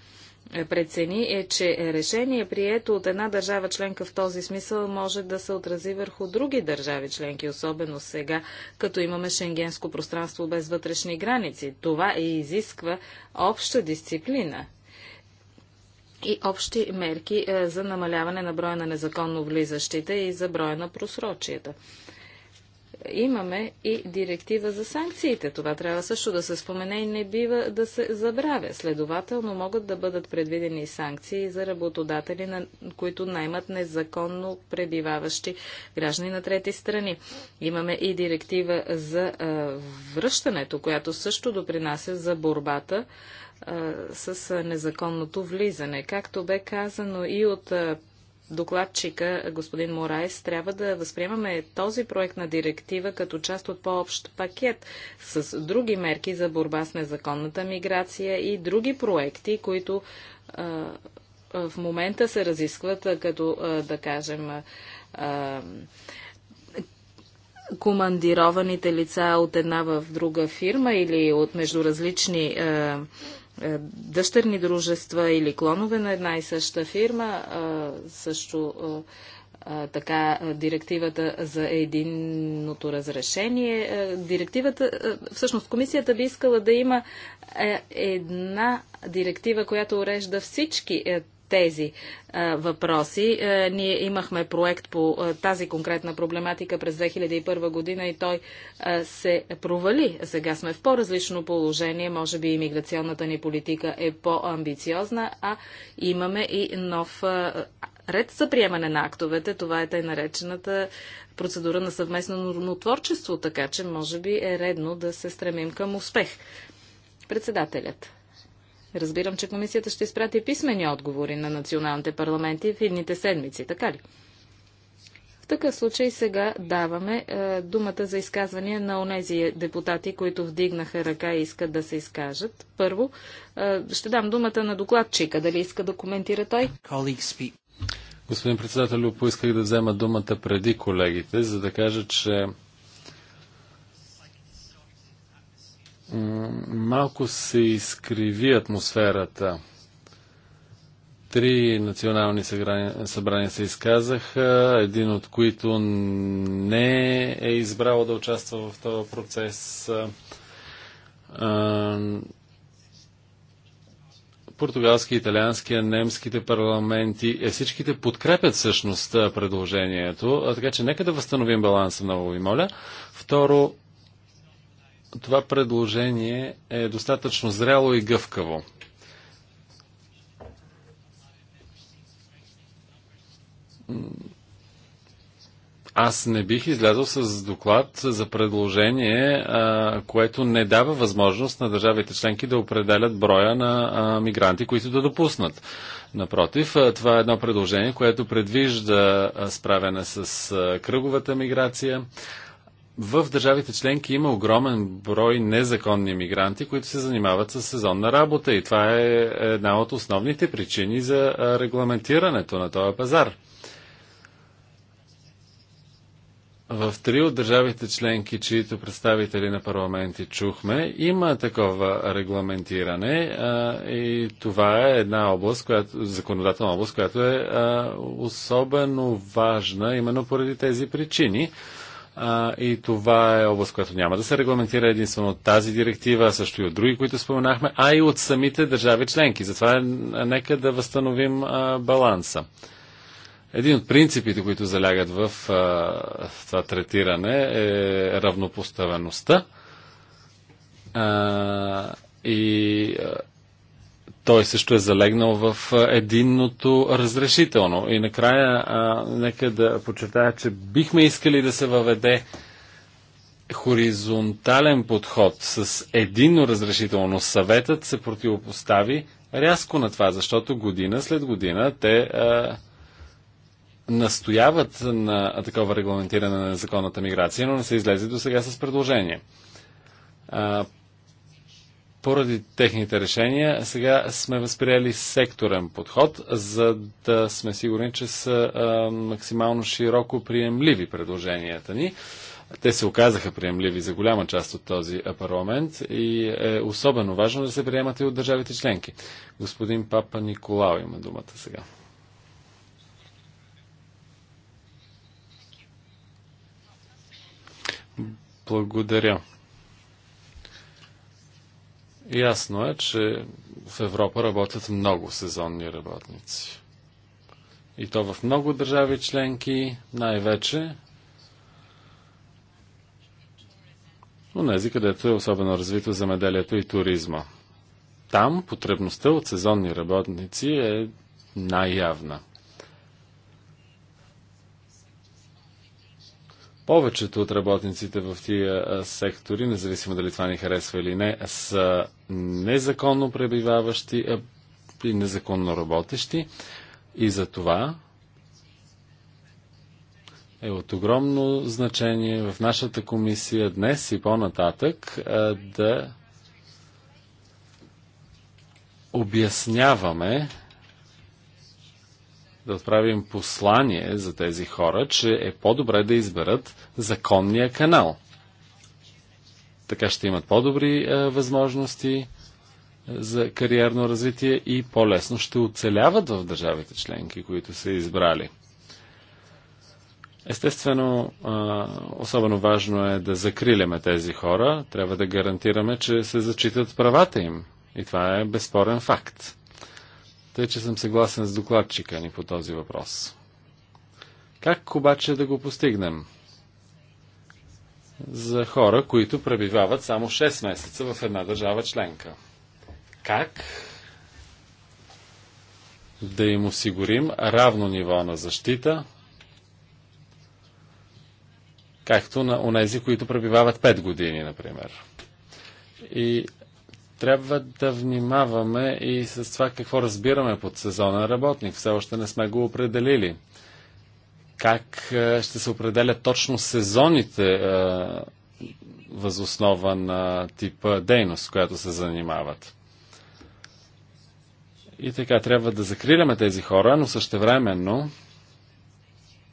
е, прецени е, че решение прието от една държава членка в този смисъл може да се отрази върху други държави членки, особено сега, като имаме шенгенско пространство без вътрешни граници. Това и изисква обща дисциплина и общи мерки е, за намаляване на броя на незаконно влизащите и за броя на просрочията имаме и директива за санкциите. Това трябва също да се спомене и не бива да се забравя. Следователно могат да бъдат предвидени санкции за работодатели, на които наймат незаконно пребиваващи граждани на трети страни. Имаме и директива за връщането, която също допринася за борбата с незаконното влизане. Както бе казано и от докладчика господин Морайс, трябва да възприемаме този проект на директива като част от по-общ пакет с други мерки за борба с незаконната миграция и други проекти, които в момента се разискват като, да кажем, командированите лица от една в друга фирма или от между различни е, дъщерни дружества или клонове на една и съща фирма, също така директивата за единното разрешение. Е, директивата, е, всъщност комисията би искала да има една директива, която урежда всички тези а, въпроси. А, ние имахме проект по а, тази конкретна проблематика през 2001 година и той а, се провали. Сега сме в по-различно положение. Може би имиграционната ни политика е по-амбициозна, а имаме и нов а, ред за приемане на актовете. Това е тъй наречената процедура на съвместно нормотворчество, така че може би е редно да се стремим към успех. Председателят. Разбирам, че комисията ще изпрати писмени отговори на националните парламенти в едните седмици, така ли? В такъв случай сега даваме е, думата за изказвания на онези депутати, които вдигнаха ръка и искат да се изкажат. Първо, е, ще дам думата на докладчика, дали иска да коментира той. Господин председател, поисках да взема думата преди колегите, за да кажа, че малко се изкриви атмосферата. Три национални събрания се изказаха, един от които не е избрал да участва в този процес. Португалски, италианския, немските парламенти, е, всичките подкрепят всъщност предложението, така че нека да възстановим баланса, много ви моля. Второ, това предложение е достатъчно зряло и гъвкаво. Аз не бих излязъл с доклад за предложение, което не дава възможност на държавите членки да определят броя на мигранти, които да допуснат. Напротив, това е едно предложение, което предвижда справяне с кръговата миграция, в държавите членки има огромен брой незаконни мигранти, които се занимават с сезонна работа и това е една от основните причини за регламентирането на този пазар. В три от държавите членки, чието представители на парламенти чухме, има такова регламентиране а, и това е една област, която, законодателна област, която е а, особено важна именно поради тези причини. А, и това е област, която няма да се регламентира единствено от тази директива, а също и от други, които споменахме, а и от самите държави членки. Затова е, нека да възстановим а, баланса. Един от принципите, които залягат в, а, в това третиране е равнопоставеността. А, и той също е залегнал в единното разрешително. И накрая, а, нека да подчертая, че бихме искали да се въведе хоризонтален подход с единно разрешително, съветът се противопостави рязко на това, защото година след година те а, настояват на такова регламентиране на незаконната миграция, но не се излезе до сега с предложение. А, поради техните решения, сега сме възприели секторен подход, за да сме сигурни, че са а, максимално широко приемливи предложенията ни. Те се оказаха приемливи за голяма част от този парламент и е особено важно да се приемат и от държавите членки. Господин Папа Николао има думата сега. Благодаря. Ясно е, че в Европа работят много сезонни работници. И то в много държави членки, най-вече унези, където е особено развито замеделието и туризма. Там потребността от сезонни работници е най-явна. Повечето от работниците в тия сектори, независимо дали това ни харесва или не, са незаконно пребиваващи и незаконно работещи. И за това е от огромно значение в нашата комисия днес и по-нататък да обясняваме да отправим послание за тези хора, че е по-добре да изберат законния канал. Така ще имат по-добри е, възможности е, за кариерно развитие и по-лесно ще оцеляват в държавите членки, които са избрали. Естествено, е, особено важно е да закриляме тези хора. Трябва да гарантираме, че се зачитат правата им. И това е безспорен факт. Тъй, че съм съгласен с докладчика ни по този въпрос. Как обаче да го постигнем? За хора, които пребивават само 6 месеца в една държава членка. Как да им осигурим равно ниво на защита, както на онези, които пребивават 5 години, например. И трябва да внимаваме и с това какво разбираме под сезонен работник. Все още не сме го определили. Как е, ще се определят точно сезоните е, възоснова на типа дейност, която се занимават. И така, трябва да закриляме тези хора, но същевременно,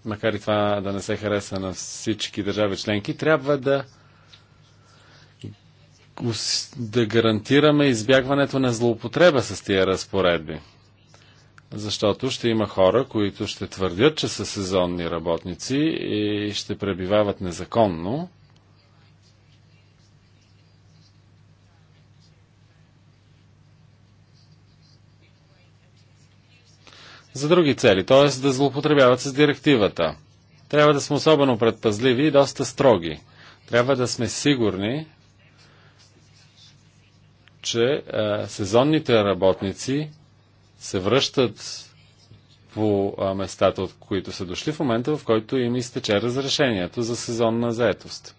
макар и това да не се хареса на всички държави членки, трябва да да гарантираме избягването на злоупотреба с тия разпоредби. Защото ще има хора, които ще твърдят, че са сезонни работници и ще пребивават незаконно. За други цели, т.е. да злоупотребяват с директивата. Трябва да сме особено предпазливи и доста строги. Трябва да сме сигурни, че а, е, сезонните работници се връщат по а, е, местата, от които са дошли в момента, в който им изтече разрешението за сезонна заетост.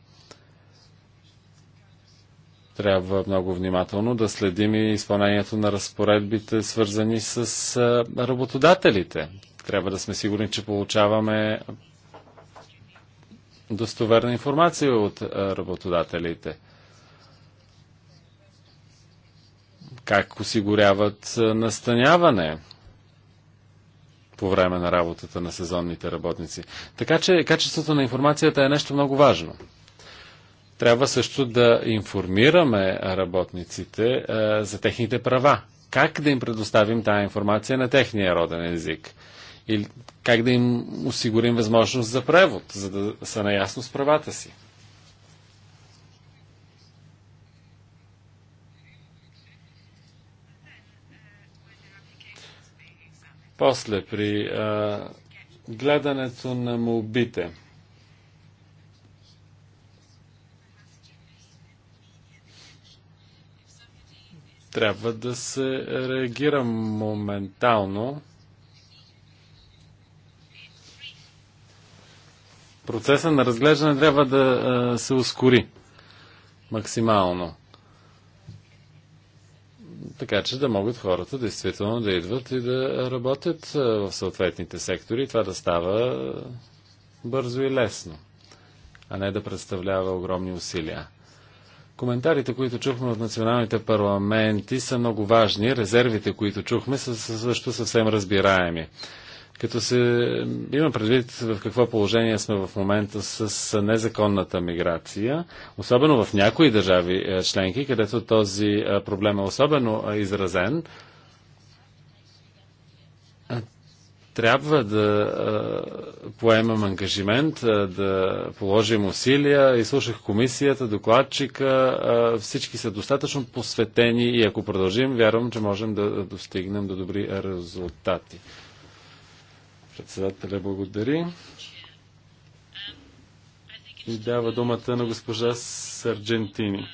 Трябва много внимателно да следим и изпълнението на разпоредбите, свързани с а, е, работодателите. Трябва да сме сигурни, че получаваме достоверна информация от работодателите. как осигуряват настаняване по време на работата на сезонните работници. Така че качеството на информацията е нещо много важно. Трябва също да информираме работниците е, за техните права. Как да им предоставим тази информация на техния роден език? Или как да им осигурим възможност за превод, за да са наясно с правата си? После при а, гледането на молбите. Трябва да се реагира моментално. Процеса на разглеждане трябва да а, се ускори максимално така че да могат хората действително да идват и да работят в съответните сектори. Това да става бързо и лесно, а не да представлява огромни усилия. Коментарите, които чухме от националните парламенти, са много важни. Резервите, които чухме, са също съвсем разбираеми. Като се има предвид в какво положение сме в момента с незаконната миграция, особено в някои държави е, членки, където този е, проблем е особено е, изразен, трябва да поемам ангажимент, да положим усилия. Изслушах комисията, докладчика. Всички са достатъчно посветени и ако продължим, вярвам, че можем да достигнем до добри резултати. Председателя благодари. И дава думата на госпожа Сарджентини.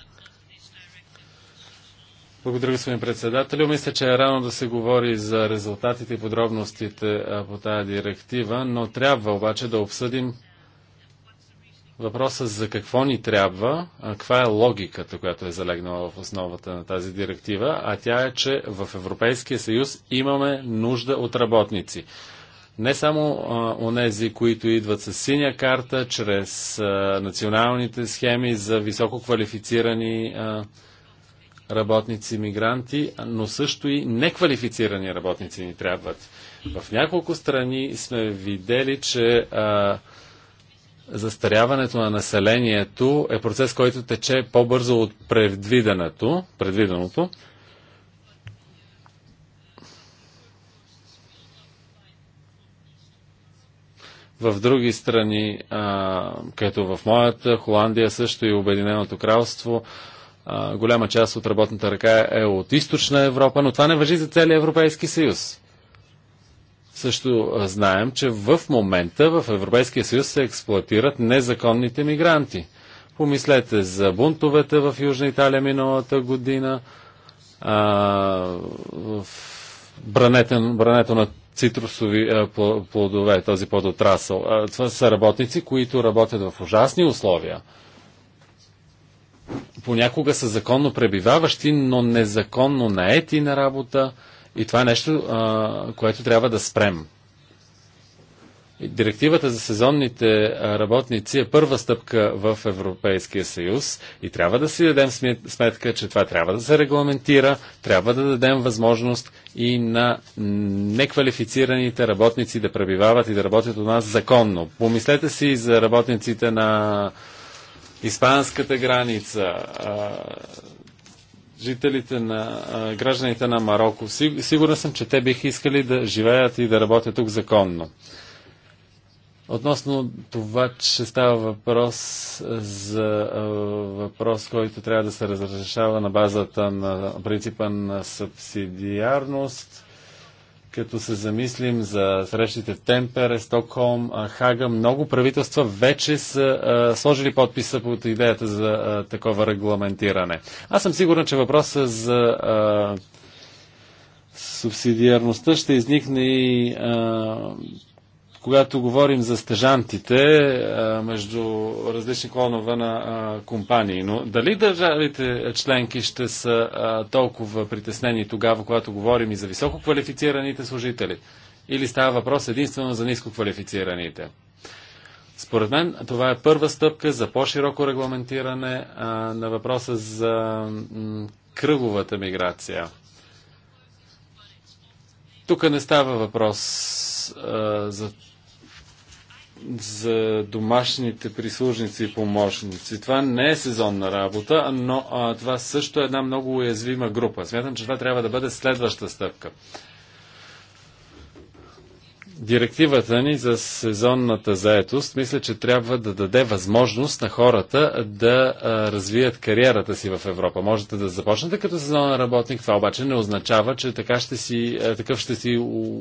Благодаря, господин председател. Мисля, че е рано да се говори за резултатите и подробностите по тази директива, но трябва обаче да обсъдим въпроса за какво ни трябва, каква е логиката, която е залегнала в основата на тази директива, а тя е, че в Европейския съюз имаме нужда от работници не само онези, които идват с синя карта, чрез националните схеми за високо квалифицирани работници, мигранти, но също и неквалифицирани работници ни трябват. В няколко страни сме видели, че а, застаряването на населението е процес, който тече по-бързо от предвиденото, предвиденото в други страни, а, като в моята, Холандия също и Обединеното кралство, а, голяма част от работната ръка е от източна Европа, но това не въжи за целия Европейски съюз. Също а, знаем, че в момента в Европейския съюз се експлуатират незаконните мигранти. Помислете за бунтовете в Южна Италия миналата година, а, в брането, брането на цитрусови е, плодове, този плодотрасъл. Е, това са работници, които работят в ужасни условия. Понякога са законно пребиваващи, но незаконно наети на работа. И това е нещо, е, което трябва да спрем. Директивата за сезонните работници е първа стъпка в Европейския съюз и трябва да си дадем сметка, че това трябва да се регламентира, трябва да дадем възможност и на неквалифицираните работници да пребивават и да работят у нас законно. Помислете си за работниците на испанската граница, жителите на гражданите на Марокко. Сигурен съм, че те биха искали да живеят и да работят тук законно. Относно това, че става въпрос за въпрос, който трябва да се разрешава на базата на принципа на субсидиарност, като се замислим за срещите в Темпере, Стокхолм, Хага, много правителства вече са сложили подписа под идеята за такова регламентиране. Аз съм сигурен, че въпросът за субсидиарността ще изникне и а, когато говорим за стежантите между различни клонове на компании. Но дали държавите членки ще са толкова притеснени тогава, когато говорим и за високо квалифицираните служители? Или става въпрос единствено за ниско квалифицираните? Според мен това е първа стъпка за по-широко регламентиране а, на въпроса за м, кръговата миграция. Тук не става въпрос а, за за домашните прислужници и помощници. Това не е сезонна работа, но а, това също е една много уязвима група. Смятам, че това трябва да бъде следваща стъпка. Директивата ни за сезонната заетост, мисля, че трябва да даде възможност на хората да а, развият кариерата си в Европа. Можете да започнете като сезонен работник, това обаче не означава, че така ще си, такъв ще си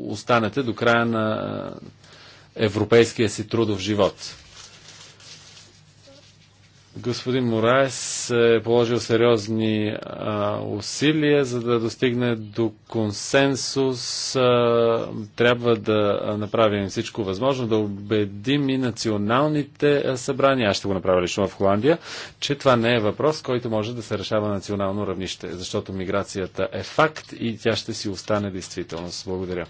останете до края на европейския си трудов живот. Господин Мораес е положил сериозни а, усилия, за да достигне до консенсус. А, трябва да направим всичко възможно, да убедим и националните събрания, аз ще го направя лично в Холандия, че това не е въпрос, който може да се решава на национално равнище, защото миграцията е факт и тя ще си остане действителност. Благодаря.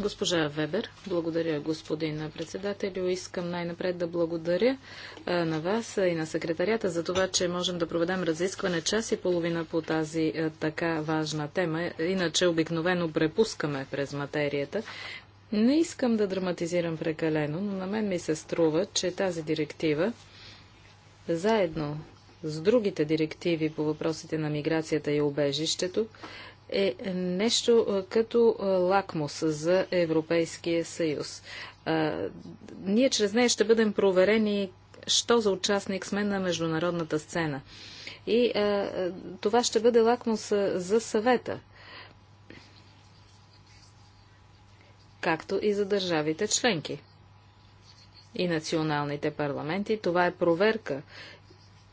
Госпожа Вебер, благодаря господин председателю. Искам най-напред да благодаря на вас и на секретарията за това, че можем да проведем разискване час и половина по тази така важна тема. Иначе обикновено препускаме през материята. Не искам да драматизирам прекалено, но на мен ми се струва, че тази директива заедно с другите директиви по въпросите на миграцията и убежището е нещо е, като е, лакмус за Европейския съюз. Е, ние чрез нея ще бъдем проверени, що за участник сме на международната сцена. И това ще бъде лакмус за съвета. както и за държавите членки и националните парламенти. Това е проверка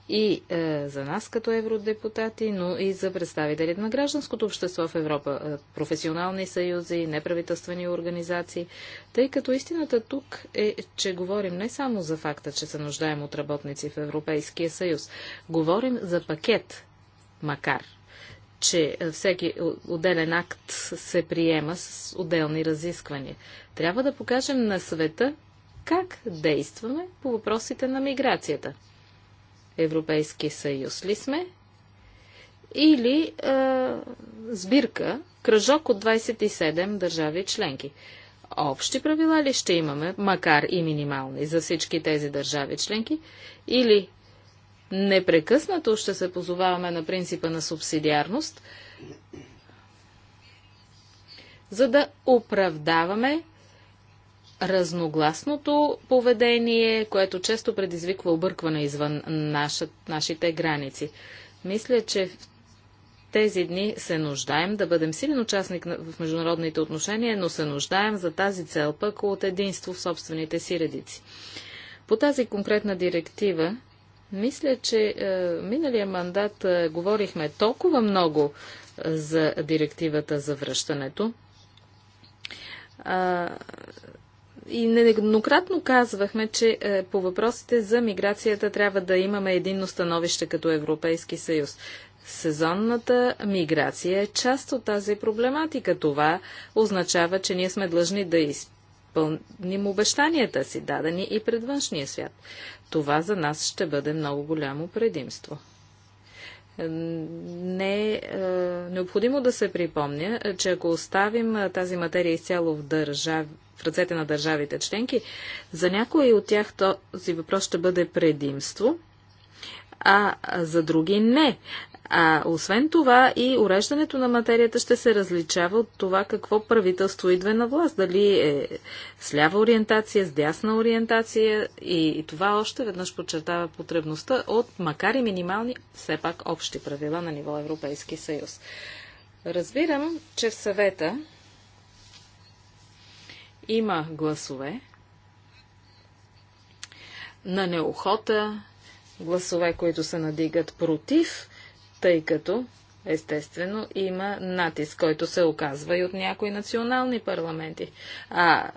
и е, за нас като евродепутати, но и за представителите на гражданското общество в Европа, е, професионални съюзи, неправителствени организации, тъй като истината тук е, че говорим не само за факта, че се нуждаем от работници в Европейския съюз, говорим за пакет, макар че е, всеки отделен акт се приема с отделни разисквания. Трябва да покажем на света как действаме по въпросите на миграцията. Европейски съюз ли сме? Или е, сбирка, кръжок от 27 държави членки. Общи правила ли ще имаме, макар и минимални, за всички тези държави членки? Или непрекъснато ще се позоваваме на принципа на субсидиарност, за да оправдаваме разногласното поведение, което често предизвиква объркване извън наша, нашите граници. Мисля, че в тези дни се нуждаем да бъдем силен участник в международните отношения, но се нуждаем за тази цел пък от единство в собствените си редици. По тази конкретна директива, мисля, че е, миналия мандат е, говорихме толкова много е, за директивата за връщането. И нееднократно казвахме, че е, по въпросите за миграцията трябва да имаме единно становище като Европейски съюз. Сезонната миграция е част от тази проблематика. Това означава, че ние сме длъжни да изпълним обещанията си, дадени и пред външния свят. Това за нас ще бъде много голямо предимство не е, е необходимо да се припомня, е, че ако оставим е, тази материя изцяло в, държав... в ръцете на държавите членки, за някои от тях този въпрос ще бъде предимство, а за други не. А освен това и уреждането на материята ще се различава от това какво правителство идва на власт. Дали е с лява ориентация, с дясна ориентация и, и това още веднъж подчертава потребността от макар и минимални, все пак общи правила на ниво Европейски съюз. Разбирам, че в съвета има гласове на неохота, гласове, които се надигат против тъй като естествено има натиск, който се оказва и от някои национални парламенти. А,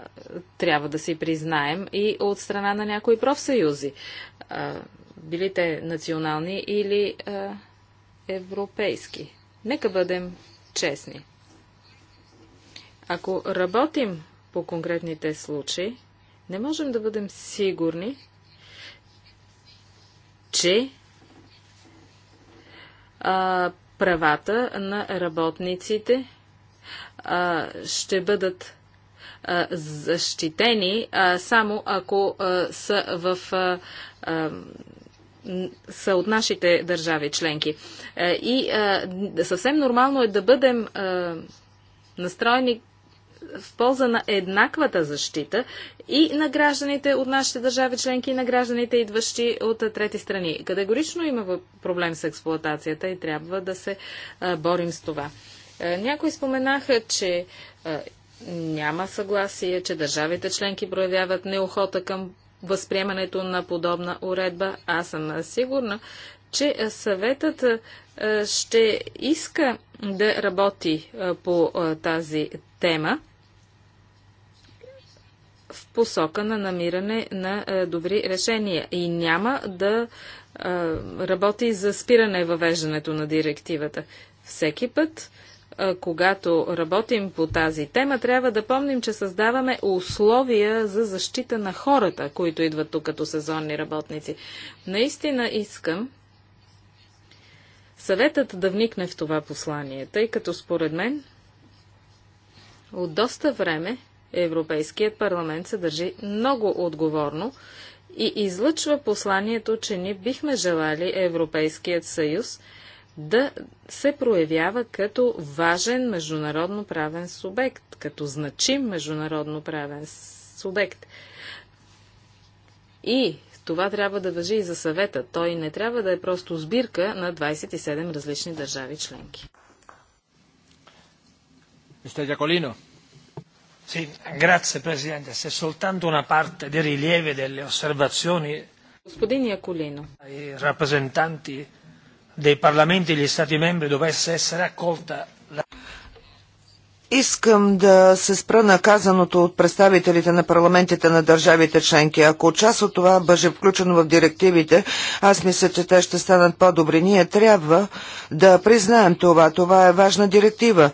трябва да си признаем и от страна на някои профсъюзи. А, били те национални или а, европейски. Нека бъдем честни. Ако работим по конкретните случаи, не можем да бъдем сигурни, че а, правата на работниците а, ще бъдат а, защитени а, само ако а, са в. А, а, са от нашите държави членки. И а, съвсем нормално е да бъдем а, настроени в полза на еднаквата защита и на гражданите от нашите държави членки и на гражданите идващи от трети страни. Категорично има проблем с експлуатацията и трябва да се борим с това. Някои споменаха, че няма съгласие, че държавите членки проявяват неохота към възприемането на подобна уредба. Аз съм сигурна, че съветът ще иска да работи по тази тема в посока на намиране на е, добри решения и няма да е, работи за спиране въвеждането на директивата. Всеки път, е, когато работим по тази тема, трябва да помним, че създаваме условия за защита на хората, които идват тук като сезонни работници. Наистина искам съветът да вникне в това послание, тъй като според мен от доста време Европейският парламент се държи много отговорно и излъчва посланието, че ние бихме желали Европейският съюз да се проявява като важен международно правен субект, като значим международно правен субект. И това трябва да въжи и за съвета. Той не трябва да е просто сбирка на 27 различни държави членки. Mr. Giacolino. Grazie Presidente, se soltanto una parte dei rilievi e delle osservazioni Господин Яколино. ai rappresentanti dei parlamenti e degli Stati membri dovesse essere accolta Искам да се спра на казаното от представителите на парламентите на държавите членки. Ако част от това бъде включено в директивите, аз мисля, че те ще станат по-добри. Ние трябва да признаем това. Това е важна директива.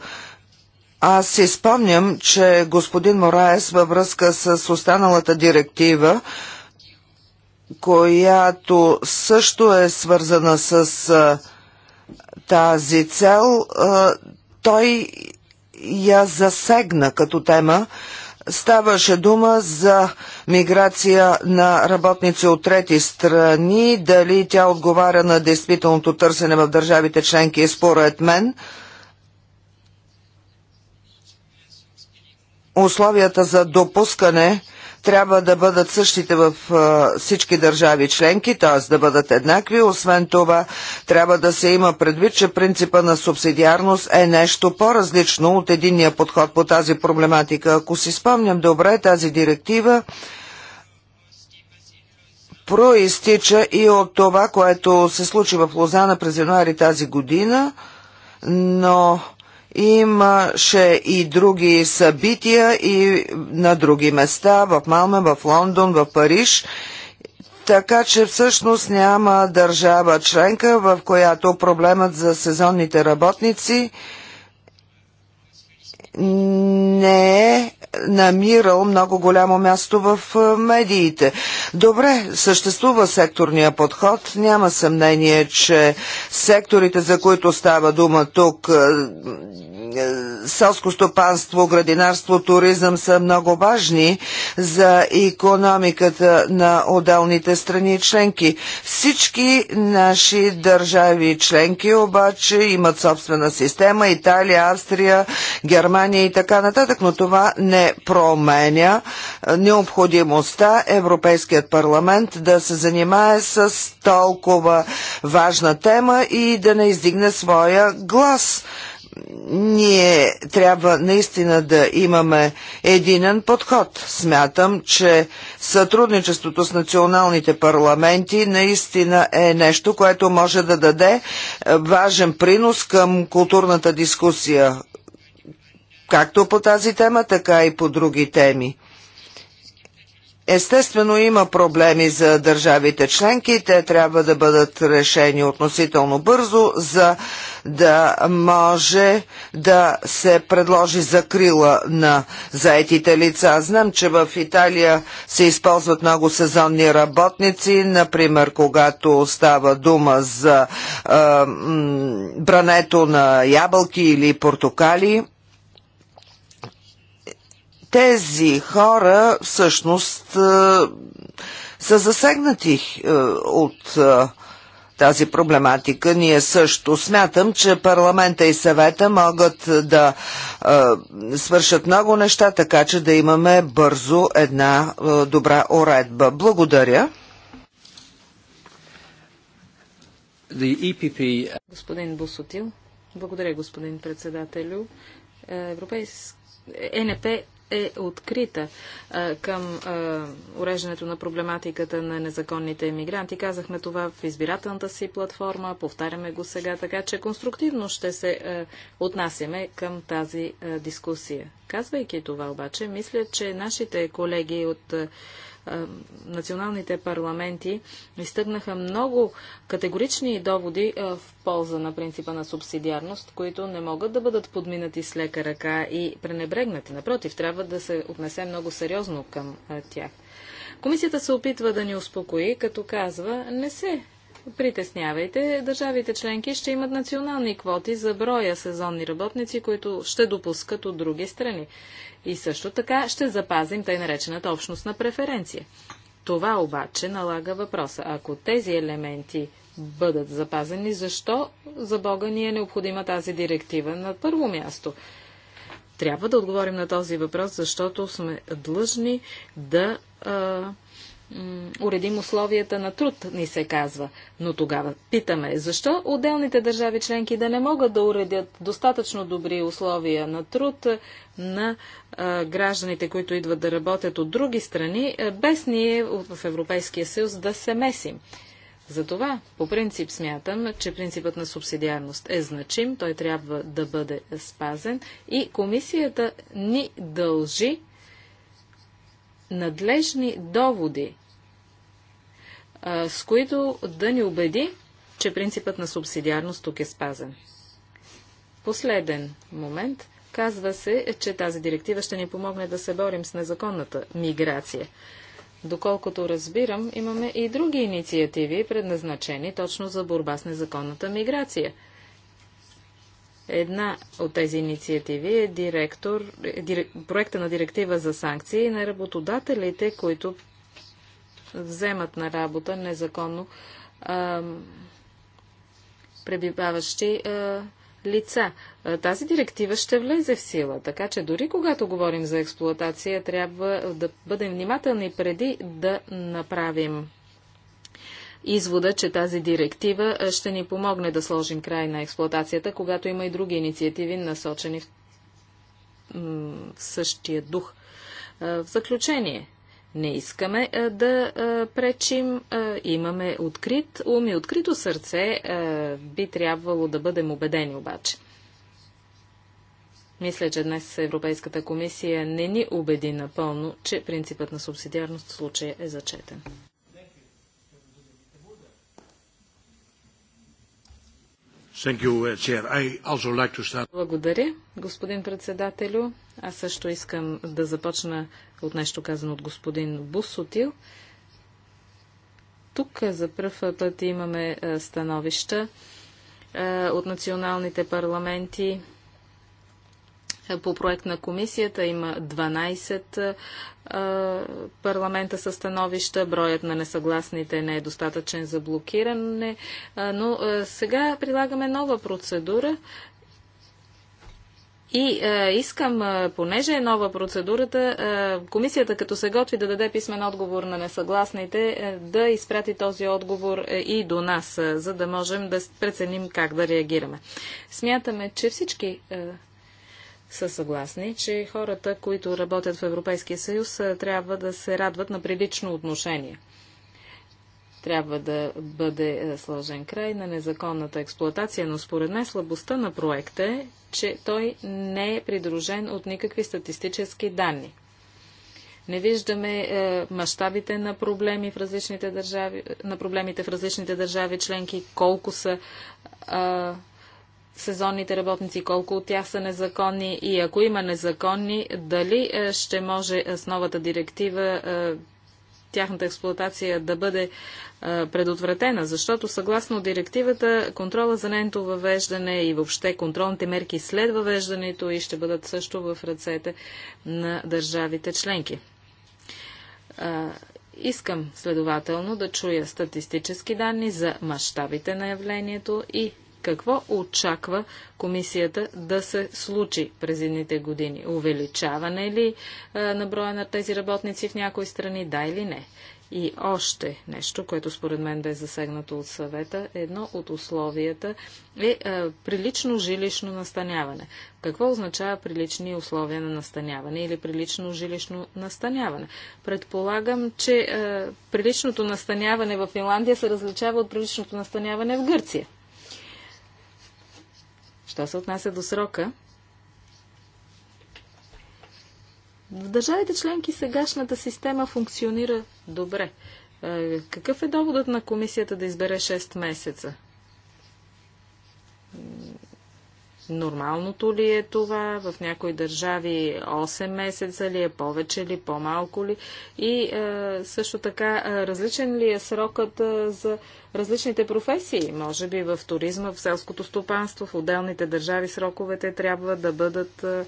Аз си спомням, че господин Мораес във връзка с останалата директива, която също е свързана с тази цел, той я засегна като тема. Ставаше дума за миграция на работници от трети страни, дали тя отговаря на действителното търсене в държавите членки, според мен – условията за допускане трябва да бъдат същите в всички държави членки, т.е. да бъдат еднакви. Освен това, трябва да се има предвид, че принципа на субсидиарност е нещо по-различно от единния подход по тази проблематика. Ако си спомням добре, тази директива проистича и от това, което се случи в Лозана през януари тази година, но Имаше и други събития и на други места, в Малме, в Лондон, в Париж. Така че всъщност няма държава членка, в която проблемът за сезонните работници не е намирал много голямо място в е, медиите. Добре, съществува секторния подход. Няма съмнение, че секторите, за които става дума тук, е, е, селско стопанство, градинарство, туризъм са много важни за економиката на отделните страни членки. Всички наши държави членки обаче имат собствена система Италия, Австрия, Германия и така нататък, но това не не променя необходимостта Европейският парламент да се занимае с толкова важна тема и да не издигне своя глас ние трябва наистина да имаме единен подход. Смятам, че сътрудничеството с националните парламенти наистина е нещо, което може да даде важен принос към културната дискусия както по тази тема, така и по други теми. Естествено има проблеми за държавите членки, те трябва да бъдат решени относително бързо, за да може да се предложи закрила на заетите лица. Знам, че в Италия се използват много сезонни работници, например, когато става дума за е, брането на ябълки или портокали тези хора всъщност е, са засегнати е, от е, тази проблематика. Ние също смятам, че парламента и съвета могат да е, свършат много неща, така че да имаме бързо една е, добра уредба. Благодаря. EPP... E господин Бусотил, благодаря господин председателю. Европейс... ЕНП е открита а, към а, уреждането на проблематиката на незаконните емигранти. Казахме това в избирателната си платформа, повтаряме го сега, така че конструктивно ще се а, отнасяме към тази дискусия. Казвайки това обаче, мисля, че нашите колеги от националните парламенти изтъгнаха много категорични доводи в полза на принципа на субсидиарност, които не могат да бъдат подминати с лека ръка и пренебрегнати. Напротив, трябва да се отнесе много сериозно към тях. Комисията се опитва да ни успокои, като казва, не се Притеснявайте, държавите членки ще имат национални квоти за броя сезонни работници, които ще допускат от други страни. И също така ще запазим тъй наречената общностна преференция. Това обаче налага въпроса. Ако тези елементи бъдат запазени, защо за Бога ни е необходима тази директива на първо място? Трябва да отговорим на този въпрос, защото сме длъжни да а, уредим условията на труд, ни се казва. Но тогава питаме, защо отделните държави членки да не могат да уредят достатъчно добри условия на труд на а, гражданите, които идват да работят от други страни, без ние в Европейския съюз да се месим. Затова, по принцип, смятам, че принципът на субсидиарност е значим, той трябва да бъде спазен и комисията ни дължи надлежни доводи, с които да ни убеди, че принципът на субсидиарност тук е спазен. Последен момент. Казва се, че тази директива ще ни помогне да се борим с незаконната миграция. Доколкото разбирам, имаме и други инициативи, предназначени точно за борба с незаконната миграция – Една от тези инициативи е директор, е, дирек, проекта на директива за санкции на работодателите, които вземат на работа незаконно а, пребиваващи а, лица. Тази директива ще влезе в сила, така че дори когато говорим за експлуатация, трябва да бъдем внимателни преди да направим извода, че тази директива ще ни помогне да сложим край на експлоатацията, когато има и други инициативи, насочени в, в същия дух. В заключение, не искаме да пречим, имаме открит ум и открито сърце, би трябвало да бъдем убедени обаче. Мисля, че днес Европейската комисия не ни убеди напълно, че принципът на субсидиарност в случая е зачетен. Uh, Благодаря, господин председателю. Аз също искам да започна от нещо казано от господин Бусотил. Тук за първ път имаме становища от националните парламенти по проект на комисията има 12 парламента със становища, броят на несъгласните не е достатъчен за блокиране, но сега прилагаме нова процедура, и е, искам, е, понеже е нова процедурата, е, комисията като се готви да даде писмен отговор на несъгласните, е, да изпрати този отговор е, и до нас, е, за да можем да преценим как да реагираме. Смятаме, че всички е, са съгласни, че хората, които работят в Европейския съюз, трябва да се радват на прилично отношение. Трябва да бъде сложен край на незаконната експлоатация, но според мен слабостта на проекта е, че той не е придружен от никакви статистически данни. Не виждаме е, мащабите на, проблеми в различните държави, на проблемите в различните държави членки, колко са е, сезонните работници, колко от тях са незаконни и ако има незаконни, дали е, ще може е, с новата директива е, тяхната експлуатация да бъде предотвратена, защото съгласно директивата контрола за нейното въвеждане и въобще контролните мерки след въвеждането и ще бъдат също в ръцете на държавите членки. искам следователно да чуя статистически данни за мащабите на явлението и какво очаква комисията да се случи през едните години? Увеличаване ли на броя на тези работници в някои страни, да или не? И още нещо, което според мен бе засегнато от съвета, едно от условията е прилично жилищно настаняване. Какво означава прилични условия на настаняване или прилично жилищно настаняване? Предполагам, че приличното настаняване в Финландия се различава от приличното настаняване в Гърция. Що се отнася до срока? В държавите членки сегашната система функционира добре. Е, какъв е доводът на комисията да избере 6 месеца? Нормалното ли е това? В някои държави 8 месеца ли е, повече ли, по-малко ли? И е, също така, е, различен ли е срокът е, за различните професии? Може би в туризма, в селското стопанство, в отделните държави сроковете трябва да бъдат е,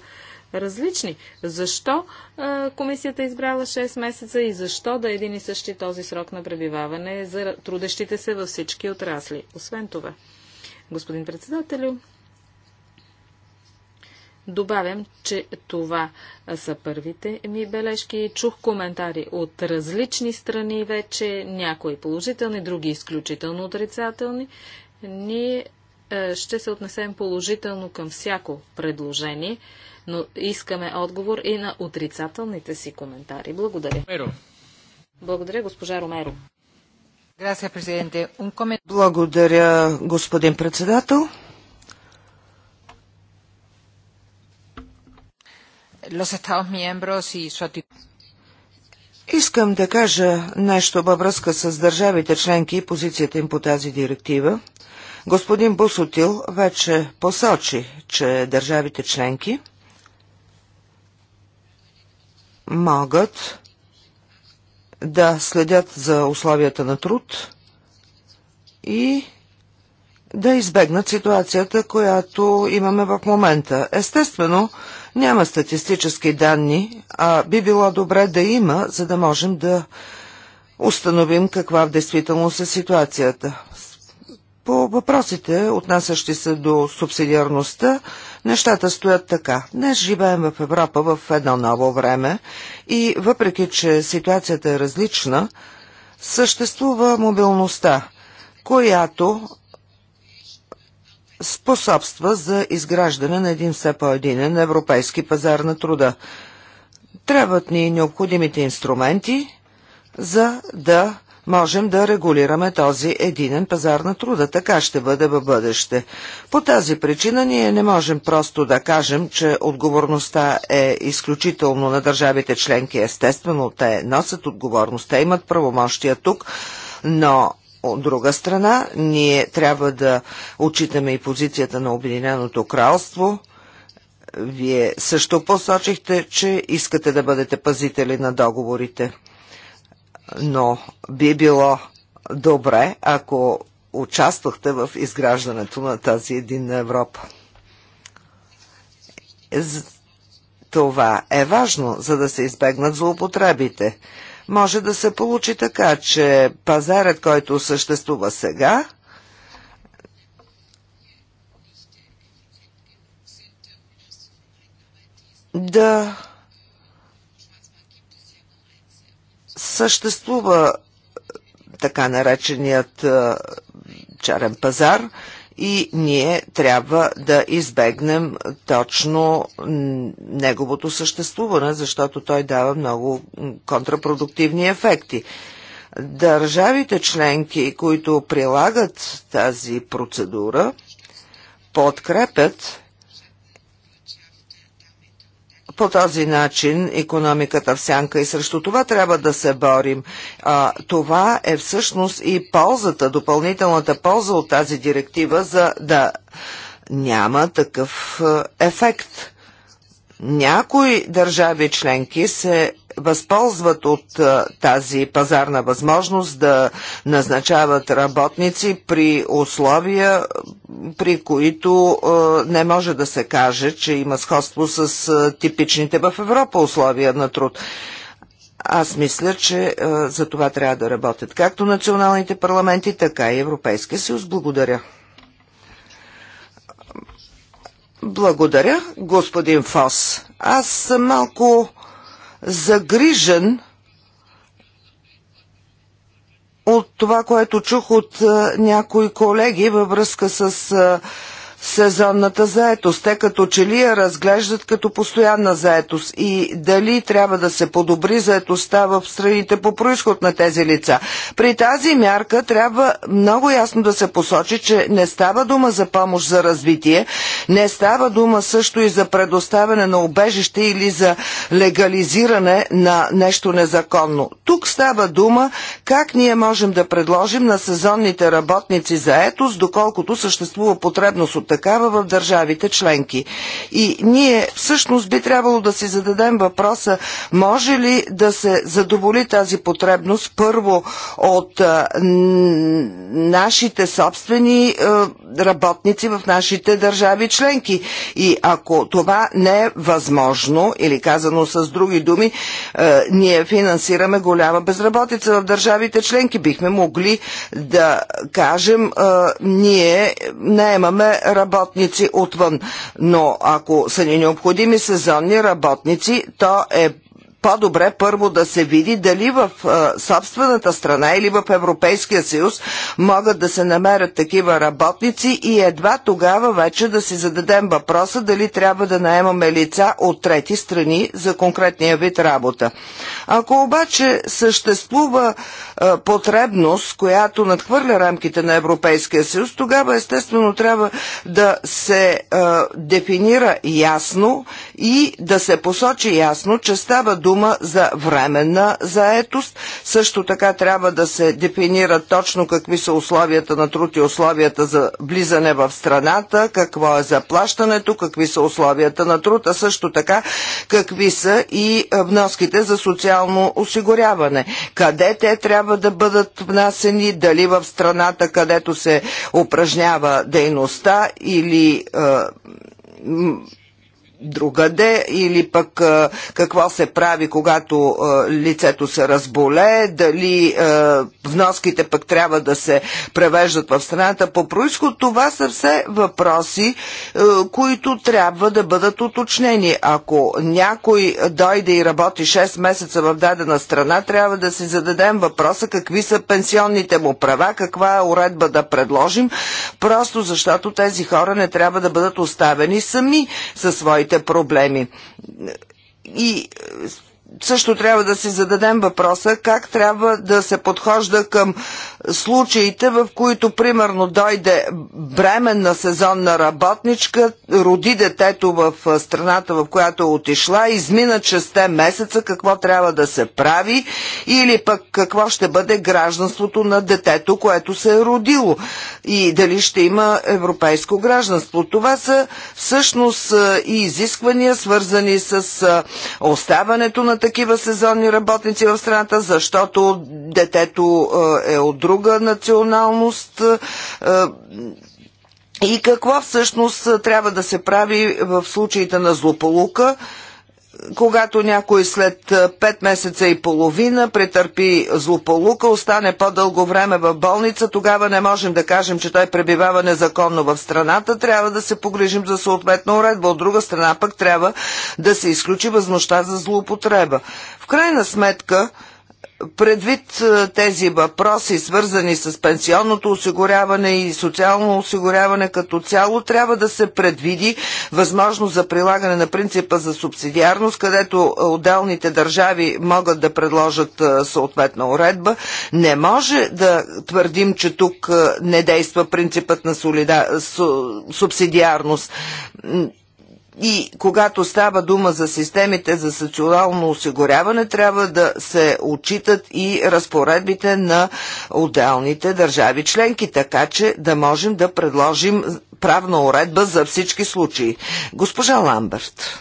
различни. Защо е, комисията избрала 6 месеца и защо да е един и същи този срок на пребиваване за трудещите се във всички отрасли? Освен това, господин председателю, Добавям, че това са първите ми бележки. Чух коментари от различни страни вече, някои положителни, други изключително отрицателни. Ние е, ще се отнесем положително към всяко предложение, но искаме отговор и на отрицателните си коментари. Благодаря. Ромеро. Благодаря, госпожа Ромеро. Благодаря, господин председател. los Estados miembros y su actitud. Искам да кажа нещо във връзка с държавите членки и позицията им по тази директива. Господин Бусотил вече посочи, че държавите членки могат да следят за условията на труд и да избегнат ситуацията, която имаме в момента. Естествено, няма статистически данни, а би било добре да има, за да можем да установим каква в действителност е ситуацията. По въпросите, отнасящи се до субсидиарността, нещата стоят така. Днес живеем в Европа в едно ново време и въпреки, че ситуацията е различна, съществува мобилността, която способства за изграждане на един все по-единен европейски пазар на труда. Трябват ни необходимите инструменти, за да можем да регулираме този единен пазар на труда. Така ще бъде в бъдеще. По тази причина ние не можем просто да кажем, че отговорността е изключително на държавите членки. Естествено, те носят отговорност, те имат правомощия тук, но от друга страна, ние трябва да отчитаме и позицията на Обединеното кралство. Вие също посочихте, че искате да бъдете пазители на договорите. Но би било добре, ако участвахте в изграждането на тази единна Европа. Това е важно, за да се избегнат злоупотребите може да се получи така, че пазарът, който съществува сега, да съществува така нареченият чарен пазар – и ние трябва да избегнем точно неговото съществуване, защото той дава много контрапродуктивни ефекти. Държавите членки, които прилагат тази процедура, подкрепят по този начин економиката в сянка и срещу това трябва да се борим. А, това е всъщност и ползата, допълнителната полза от тази директива, за да няма такъв ефект. Някои държави членки се възползват от а, тази пазарна възможност да назначават работници при условия, при които а, не може да се каже, че има сходство с а, типичните в Европа условия на труд. Аз мисля, че а, за това трябва да работят както националните парламенти, така и Европейския съюз. Благодаря. Благодаря, господин Фос. Аз съм малко загрижен от това, което чух от някои колеги във връзка с сезонната заетост. Те като че ли я разглеждат като постоянна заетост и дали трябва да се подобри заетостта в страните по происход на тези лица. При тази мярка трябва много ясно да се посочи, че не става дума за помощ за развитие, не става дума също и за предоставяне на убежище или за легализиране на нещо незаконно. Тук става дума как ние можем да предложим на сезонните работници заетост, доколкото съществува потребност от такава в държавите членки. И ние всъщност би трябвало да си зададем въпроса, може ли да се задоволи тази потребност първо от а, нашите собствени а, работници в нашите държави членки. И ако това не е възможно, или казано с други думи, а, ние финансираме голяма безработица в държавите членки, бихме могли да кажем, а, ние имаме работници работници отвън. Но ако са ни необходими сезонни работници, то е по-добре първо да се види дали в собствената страна или в Европейския съюз могат да се намерят такива работници и едва тогава вече да си зададем въпроса дали трябва да наемаме лица от трети страни за конкретния вид работа. Ако обаче съществува потребност, която надхвърля рамките на Европейския съюз, тогава естествено трябва да се дефинира ясно и да се посочи ясно, че става дума дума за временна заетост. Също така трябва да се дефинира точно какви са условията на труд и условията за влизане в страната, какво е заплащането, какви са условията на труд, а също така какви са и вноските за социално осигуряване. Къде те трябва да бъдат внасени, дали в страната, където се упражнява дейността или е, другаде или пък какво се прави, когато лицето се разболе, дали вноските пък трябва да се превеждат в страната по происход. Това са все въпроси, които трябва да бъдат уточнени. Ако някой дойде и работи 6 месеца в дадена страна, трябва да си зададем въпроса какви са пенсионните му права, каква е уредба да предложим, просто защото тези хора не трябва да бъдат оставени сами със своите проблеми. И също трябва да си зададем въпроса как трябва да се подхожда към случаите, в които примерно дойде бременна сезонна работничка, роди детето в страната, в която е отишла, измина 6 месеца, какво трябва да се прави или пък какво ще бъде гражданството на детето, което се е родило и дали ще има европейско гражданство. Това са всъщност и изисквания, свързани с оставането на такива сезонни работници в страната, защото детето е, е от друга националност. Е, и какво всъщност е, трябва да се прави в случаите на злополука? когато някой след 5 месеца и половина претърпи злополука, остане по-дълго време в болница, тогава не можем да кажем, че той пребивава незаконно в страната, трябва да се погрижим за съответна уредба. От друга страна пък трябва да се изключи възможността за злоупотреба. В крайна сметка, Предвид е, тези въпроси, свързани с пенсионното осигуряване и социално осигуряване като цяло, трябва да се предвиди възможност за прилагане на принципа за субсидиарност, където е, отделните държави могат да предложат е, съответна уредба. Не може да твърдим, че тук не действа принципът на солида... субсидиарност и когато става дума за системите за социално осигуряване, трябва да се отчитат и разпоредбите на отделните държави членки, така че да можем да предложим правна уредба за всички случаи. Госпожа Ламберт.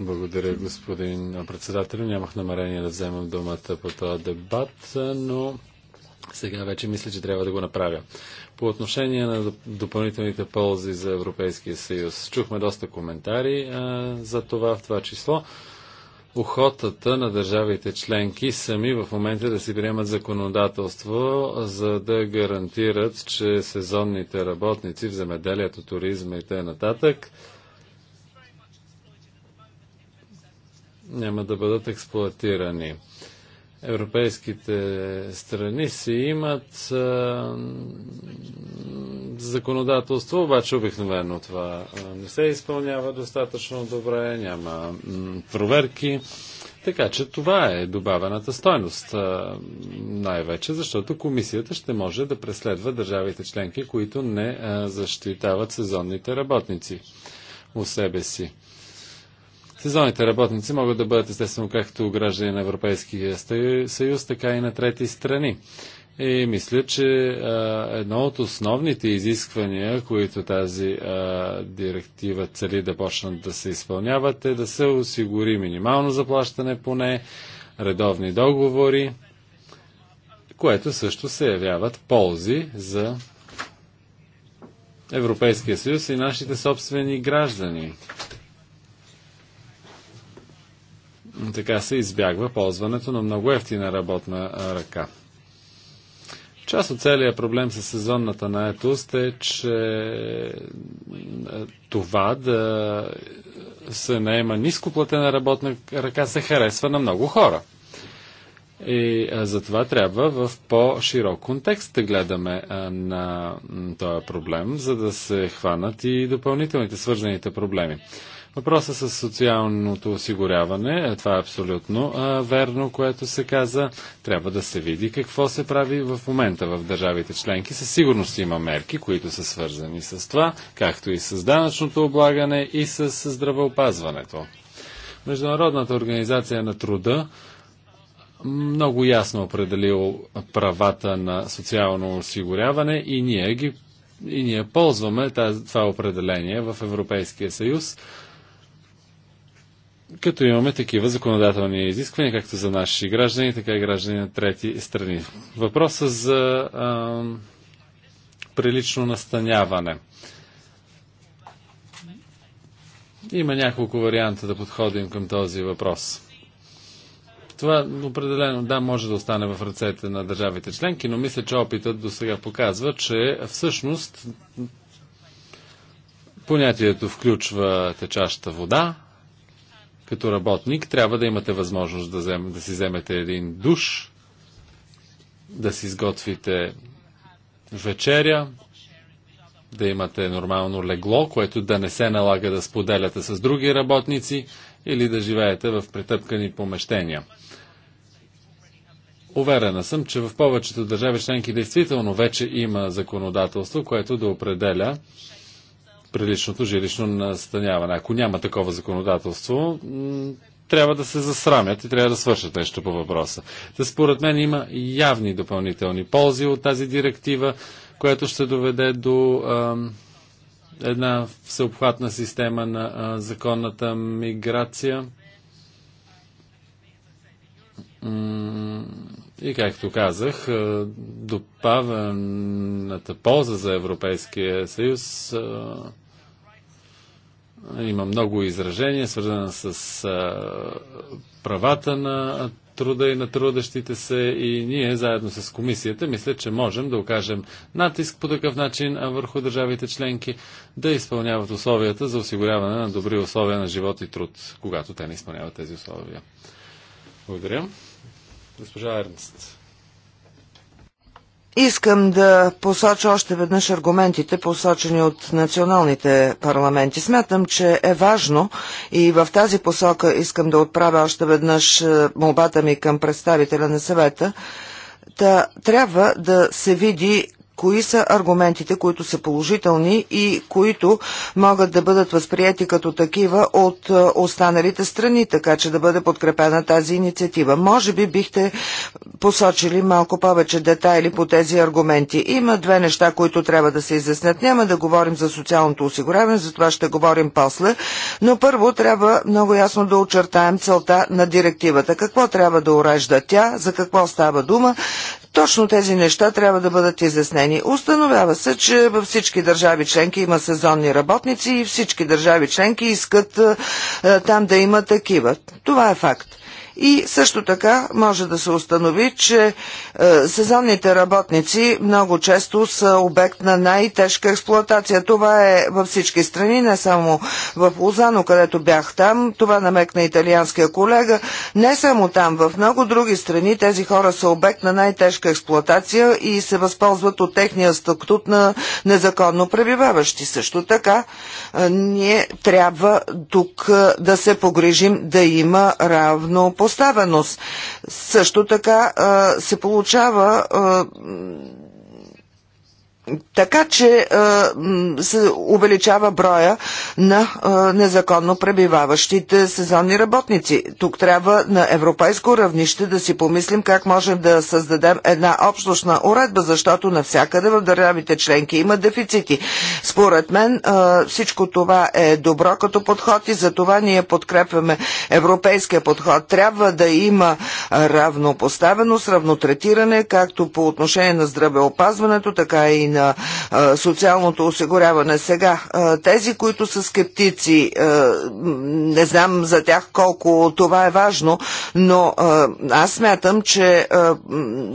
Благодаря, господин председател. Нямах намерение да вземам думата по този дебат, но сега вече мисля, че трябва да го направя. По отношение на допълнителните ползи за Европейския съюз, чухме доста коментари а, за това в това число. Охотата на държавите членки сами в момента е да си приемат законодателство, за да гарантират, че сезонните работници в земеделието, туризма и т.н. няма да бъдат експлуатирани европейските страни си имат а, законодателство, обаче обикновено това не се изпълнява достатъчно добре, няма проверки. Така че това е добавената стойност, най-вече защото комисията ще може да преследва държавите членки, които не защитават сезонните работници у себе си. Сезонните работници могат да бъдат естествено както граждани на Европейския съюз, така и на трети страни. И мисля, че а, едно от основните изисквания, които тази а, директива цели да почнат да се изпълняват, е да се осигури минимално заплащане поне, редовни договори, което също се явяват ползи за Европейския съюз и нашите собствени граждани. Така се избягва ползването на много ефтина работна ръка. Част от целият проблем с сезонната наетост е, че това да се наема нископлатена работна ръка се харесва на много хора. И затова трябва в по-широк контекст да гледаме на този проблем, за да се хванат и допълнителните свързаните проблеми. Въпроса с социалното осигуряване, е, това е абсолютно а, верно, което се каза. Трябва да се види какво се прави в момента в държавите членки. Със сигурност има мерки, които са свързани с това, както и с данъчното облагане и с здравеопазването. Международната организация на труда много ясно определил правата на социално осигуряване и ние ги и ние ползваме това определение в Европейския съюз като имаме такива законодателни изисквания, както за наши граждани, така и граждани на трети страни. Въпроса за а, прилично настаняване. Има няколко варианта да подходим към този въпрос. Това определено, да, може да остане в ръцете на държавите членки, но мисля, че опитът до сега показва, че всъщност понятието включва течаща вода, като работник трябва да имате възможност да, взем, да си вземете един душ, да си изготвите вечеря, да имате нормално легло, което да не се налага да споделяте с други работници или да живеете в претъпкани помещения. Уверена съм, че в повечето държави членки действително вече има законодателство, което да определя приличното жилищно настаняване. Ако няма такова законодателство, трябва да се засрамят и трябва да свършат нещо по въпроса. Та според мен има явни допълнителни ползи от тази директива, която ще доведе до а, една всеобхватна система на а, законната миграция. И както казах, е, допавената полза за Европейския съюз е, има много изражения, свързана с е, правата на труда и на трудещите се и ние заедно с комисията мисля, че можем да окажем натиск по такъв начин а върху държавите членки да изпълняват условията за осигуряване на добри условия на живот и труд, когато те не изпълняват тези условия. Благодаря. Госпожа Ернст. Искам да посоча още веднъж аргументите, посочени от националните парламенти. Смятам, че е важно и в тази посока искам да отправя още веднъж е, молбата ми към представителя на съвета. Та, трябва да се види кои са аргументите, които са положителни и които могат да бъдат възприяти като такива от е, останалите страни, така че да бъде подкрепена тази инициатива. Може би бихте посочили малко повече детайли по тези аргументи. Има две неща, които трябва да се изяснят. Няма да говорим за социалното осигуряване, за това ще говорим после, но първо трябва много ясно да очертаем целта на директивата. Какво трябва да урежда тя, за какво става дума, точно тези неща трябва да бъдат изяснени. Установява се, че във всички държави членки има сезонни работници и всички държави членки искат е, е там да има такива. Това е факт. И също така може да се установи, че е, сезонните работници много често са обект на най-тежка експлоатация. Това е във всички страни, не само в Лозано, където бях там. Това намекна италианския колега. Не само там, в много други страни тези хора са обект на най-тежка експлоатация и се възползват от техния статут на незаконно пребиваващи. Също така, е, ние трябва тук е, да се погрижим да има равно по равнопоставеност. Също така се получава така че се увеличава броя на незаконно пребиваващите сезонни работници. Тук трябва на европейско равнище да си помислим как можем да създадем една общностна уредба, защото навсякъде в държавите членки има дефицити. Според мен всичко това е добро като подход и за това ние подкрепяме европейския подход. Трябва да има равнопоставеност, равнотретиране, както по отношение на здравеопазването, така и на на социалното осигуряване. Сега, тези, които са скептици, не знам за тях колко това е важно, но аз смятам, че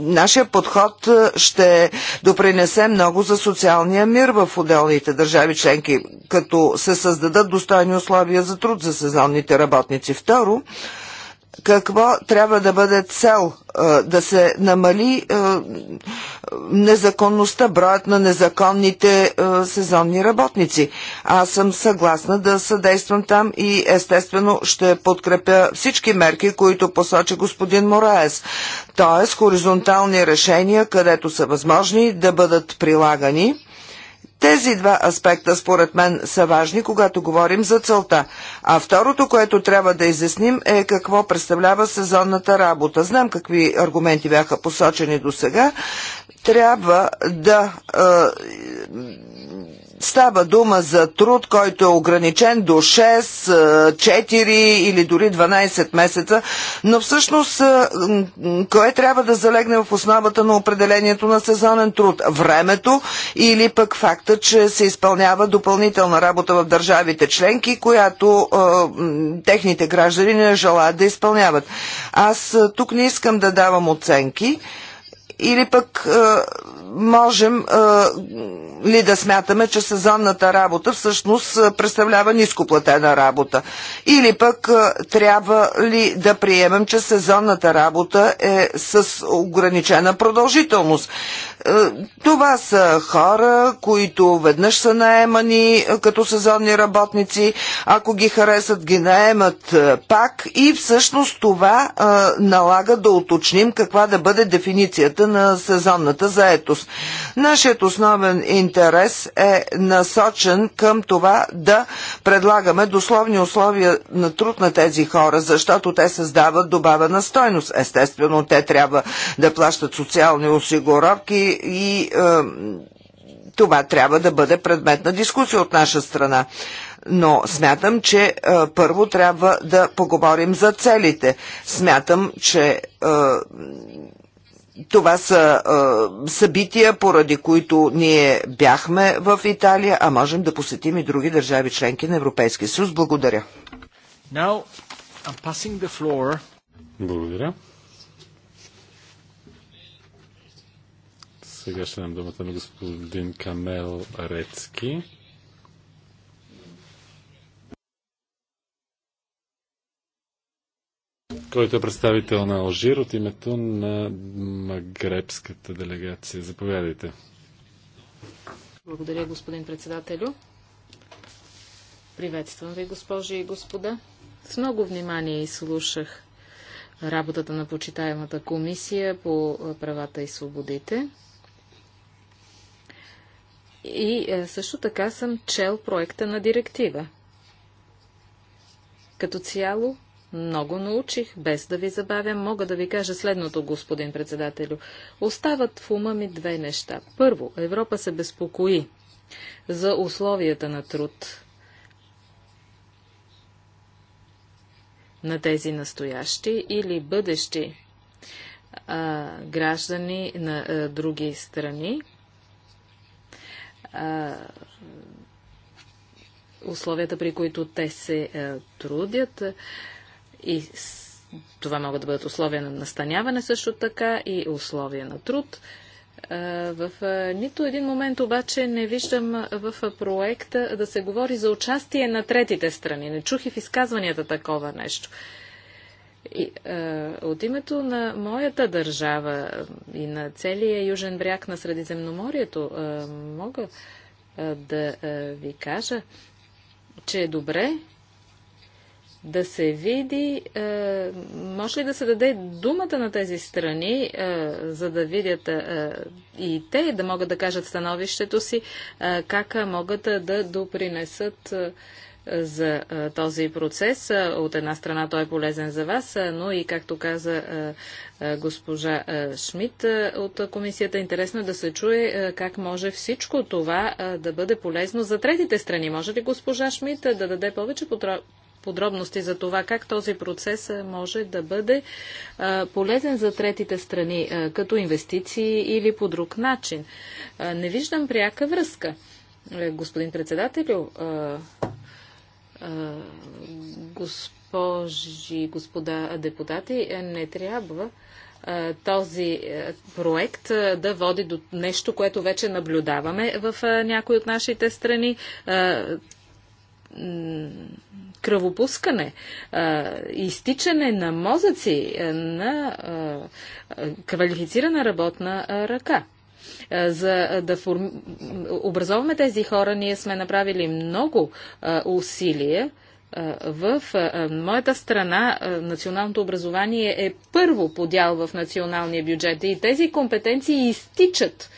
нашия подход ще допринесе много за социалния мир в отделните държави членки, като се създадат достойни условия за труд за сезонните работници. Второ, какво трябва да бъде цел е, да се намали е, незаконността, броят на незаконните е, сезонни работници. Аз съм съгласна да съдействам там и естествено ще подкрепя всички мерки, които посочи господин Мораес. Т.е. хоризонтални решения, където са възможни да бъдат прилагани тези два аспекта, според мен, са важни, когато говорим за целта. А второто, което трябва да изясним е какво представлява сезонната работа. Знам какви аргументи бяха посочени до сега. Трябва да е, Става дума за труд, който е ограничен до 6, 4 или дори 12 месеца, но всъщност кое трябва да залегне в основата на определението на сезонен труд? Времето или пък факта, че се изпълнява допълнителна работа в държавите членки, която е, техните граждани не желаят да изпълняват. Аз тук не искам да давам оценки или пък е, можем ли да смятаме, че сезонната работа всъщност представлява нископлатена работа? Или пък трябва ли да приемем, че сезонната работа е с ограничена продължителност? Е, това са хора, които веднъж са наемани е, като сезонни работници, ако ги харесат, ги наемат е, пак и всъщност това налага да уточним каква да бъде дефиницията на сезонната заетост. Нашият основен интерес е насочен към това да предлагаме дословни условия на труд на тези хора, защото те създават добавена стойност. Естествено, те трябва да плащат социални осигуровки, и е, това трябва да бъде предмет на дискусия от наша страна. Но смятам, че е, първо трябва да поговорим за целите. Смятам, че е, това са е, събития, поради които ние бяхме в Италия, а можем да посетим и други държави членки на Европейския съюз. Благодаря. Now, I'm the floor. Благодаря. Сега ще дам думата на господин Камел Рецки. който е представител на Алжир от името на Магребската делегация. Заповядайте. Благодаря, господин председателю. Приветствам ви, госпожи и господа. С много внимание изслушах работата на почитаемата комисия по правата и свободите. И е, също така съм чел проекта на директива. Като цяло, много научих, без да ви забавя, мога да ви кажа следното, господин председателю. Остават в ума ми две неща. Първо, Европа се безпокои за условията на труд на тези настоящи или бъдещи а, граждани на а, други страни, условията, при които те се а, трудят и това могат да бъдат условия на настаняване също така и условия на труд. В нито един момент обаче не виждам в проекта да се говори за участие на третите страни. Не чух и в изказванията такова нещо. И, а, е, от името на моята държава е, и на целия южен бряг на Средиземноморието а, е, мога а, да а, ви кажа, че е добре да се види, а, може ли да се даде думата на тези страни, а, за да видят а, и те да могат да кажат становището си, а, как могат да допринесат. А, за този процес. От една страна той е полезен за вас, но и както каза госпожа Шмидт от комисията, интересно е да се чуе как може всичко това да бъде полезно за третите страни. Може ли госпожа Шмидт да даде повече подробности за това как този процес може да бъде полезен за третите страни, като инвестиции или по друг начин? Не виждам пряка връзка. Е, господин председател, госпожи и господа депутати, не трябва този проект да води до нещо, което вече наблюдаваме в някои от нашите страни кръвопускане, изтичане на мозъци на квалифицирана работна ръка. Е, за е, да форм... образоваме тези хора, ние сме направили много е, усилия. В моята страна националното образование е първо подял в националния бюджет и тези компетенции изтичат.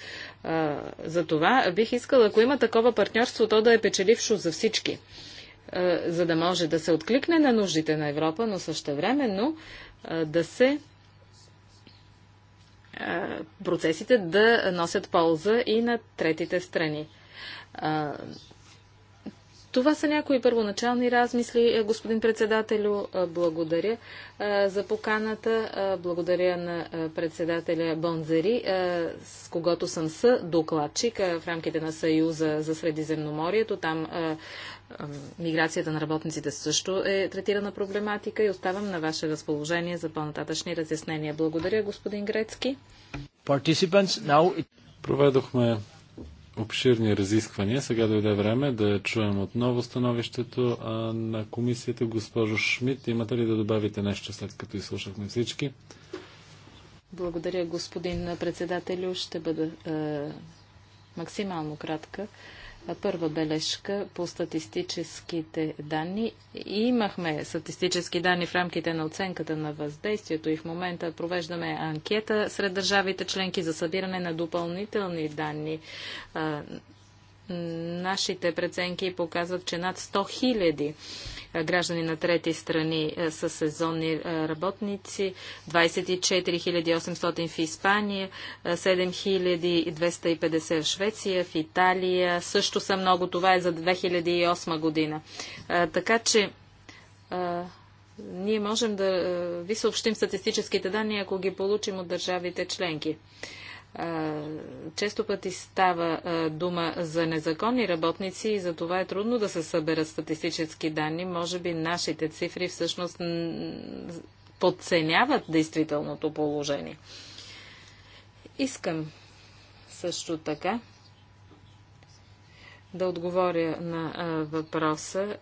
За това бих искала, ако има такова партньорство, то да е печелившо за всички, за да може да се откликне на нуждите на Европа, но същевременно да се процесите да носят полза и на третите страни. Това са някои първоначални размисли, е, господин председателю. Благодаря за поканата. Благодаря на председателя Бонзери, с когото съм съ докладчик в рамките на Съюза за Средиземноморието. Там Миграцията на работниците също е третирана проблематика и оставам на ваше разположение за по-нататъчни разяснения. Благодаря, господин Грецки. Now... Проведохме обширни разисквания. Сега дойде време да чуем отново становището на комисията. Госпожо Шмидт, имате ли да добавите нещо след като изслушахме всички? Благодаря, господин председателю. Ще бъда е, максимално кратка. Първа бележка по статистическите данни. Имахме статистически данни в рамките на оценката на въздействието и в момента провеждаме анкета сред държавите членки за събиране на допълнителни данни. Нашите преценки показват, че над 100 000 граждани на трети страни са сезонни работници, 24 800 в Испания, 7250 в Швеция, в Италия. Също са много. Това е за 2008 година. Така че ние можем да ви съобщим статистическите данни, ако ги получим от държавите членки. Често пъти става дума за незаконни работници и за това е трудно да се съберат статистически данни. Може би нашите цифри всъщност подценяват действителното положение. Искам също така да отговоря на въпроса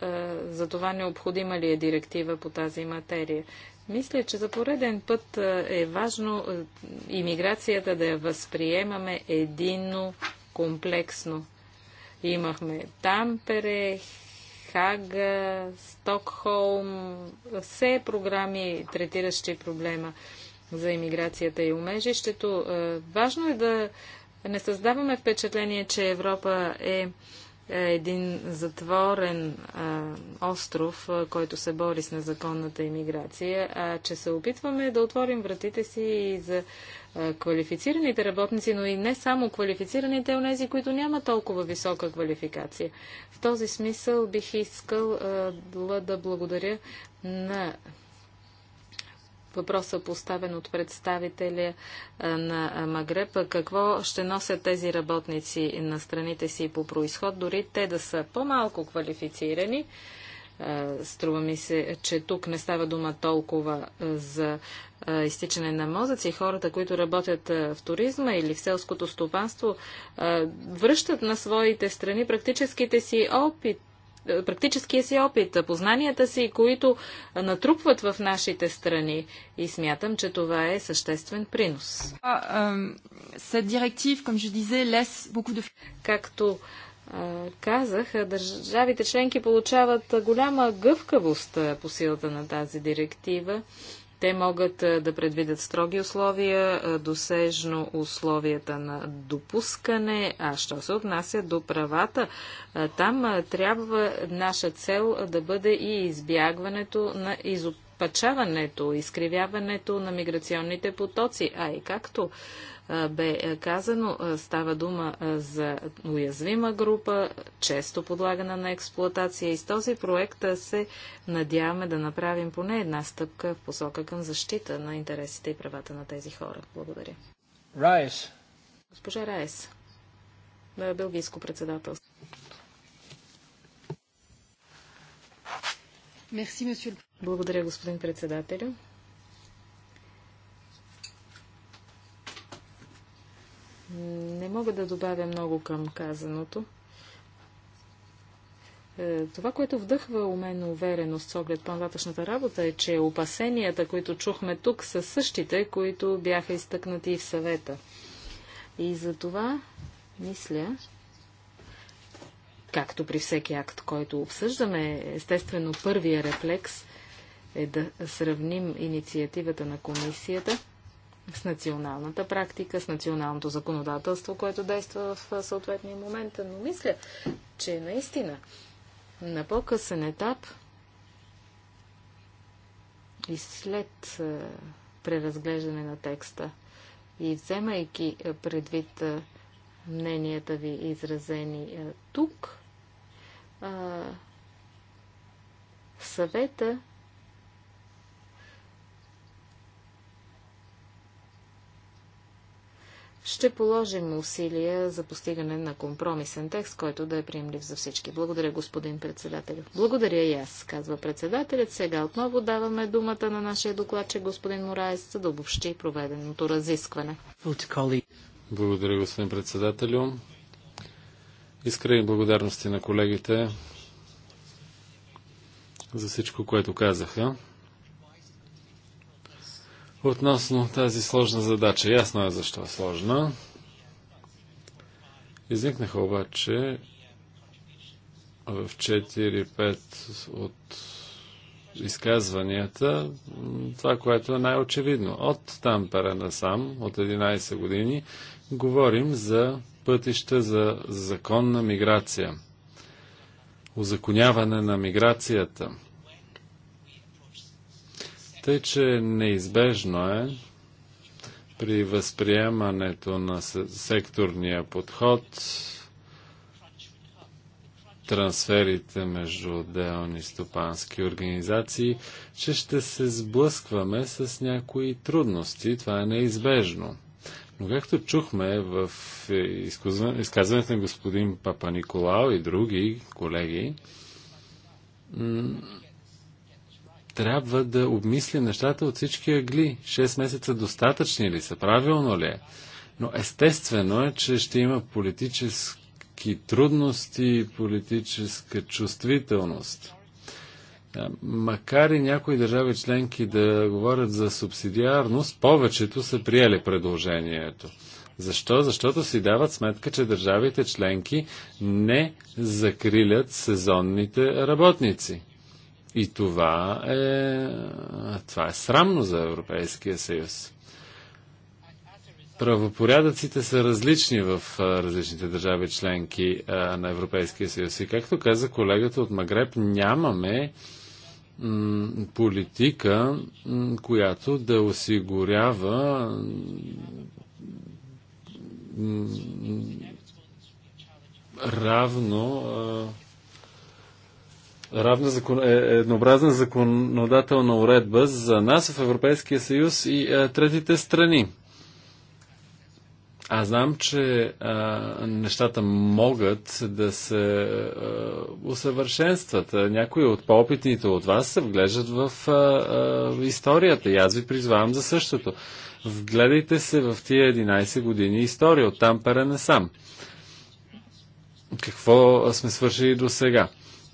за това необходима ли е директива по тази материя. Мисля, че за пореден път е, е важно е, иммиграцията да я възприемаме единно, комплексно. Имахме Тампере, Хага, Стокхолм, все програми, третиращи проблема за иммиграцията и умежището. Е, важно е да не създаваме впечатление, че Европа е е един затворен а, остров, а, който се бори с незаконната иммиграция, а че се опитваме да отворим вратите си и за а, квалифицираните работници, но и не само квалифицираните, тези, които няма толкова висока квалификация. В този смисъл бих искал да благодаря на е поставен от представителя на Магреб. Какво ще носят тези работници на страните си по происход, дори те да са по-малко квалифицирани? Струва ми се, че тук не става дума толкова за изтичане на мозъци. Хората, които работят в туризма или в селското стопанство, връщат на своите страни практическите си опит практическия е си опит, познанията си, които натрупват в нашите страни. И смятам, че това е съществен принос. Както казах, държавите членки получават голяма гъвкавост по силата на тази директива. Те могат да предвидят строги условия, досежно условията на допускане, а що се отнася до правата, там трябва наша цел да бъде и избягването на изопачаването, изкривяването на миграционните потоци, а и както бе е, казано, става дума за уязвима група, често подлагана на експлоатация и с този проект се надяваме да направим поне една стъпка в посока към защита на интересите и правата на тези хора. Благодаря. Райс. Госпожа Райс. Белгийско председателство. Благодаря, господин председателю. Не мога да добавя много към казаното. Е, това, което вдъхва у мен увереност с оглед по-нататъчната работа е, че опасенията, които чухме тук, са същите, които бяха изтъкнати и в съвета. И за това мисля, както при всеки акт, който обсъждаме, естествено първия рефлекс е да сравним инициативата на комисията – с националната практика, с националното законодателство, което действа в съответния момент. Но мисля, че наистина на по-късен етап и след преразглеждане на текста и вземайки предвид мненията ви изразени тук, съвета ще положим усилия за постигане на компромисен текст, който да е приемлив за всички. Благодаря, господин председател. Благодаря и аз, казва председателят. Сега отново даваме думата на нашия докладчик, господин Мораес, за да обобщи проведеното разискване. Благодаря, господин председателю. Искрени благодарности на колегите за всичко, което казаха. Относно тази сложна задача, ясно е защо е сложна. Изникнаха обаче в 4-5 от изказванията това, което е най-очевидно. От Тампера насам, от 11 години, говорим за пътища за законна миграция, озаконяване на миграцията – тъй, че неизбежно е при възприемането на секторния подход трансферите между отделни стопански организации, че ще се сблъскваме с някои трудности. Това е неизбежно. Но както чухме в изказването на господин Папа Николао и други колеги, трябва да обмисли нещата от всички агли. Шест месеца достатъчни ли са? Правилно ли е? Но естествено е, че ще има политически трудности и политическа чувствителност. Макар и някои държави членки да говорят за субсидиарност, повечето са приели предложението. Защо? Защото си дават сметка, че държавите членки не закрилят сезонните работници. И това е, това е срамно за Европейския съюз. Правопорядъците са различни в различните държави членки на Европейския съюз. И както каза колегата от Магреб, нямаме политика, която да осигурява равно равна закон... Е, е еднообразна законодателна уредба за нас в Европейския съюз и е, третите страни. Аз знам, че а, нещата могат да се а, усъвършенстват. Някои от по-опитните от вас се вглеждат в а, а, историята и аз ви призвавам за същото. Вгледайте се в тия 11 години история от Тампера насам. Какво сме свършили до сега?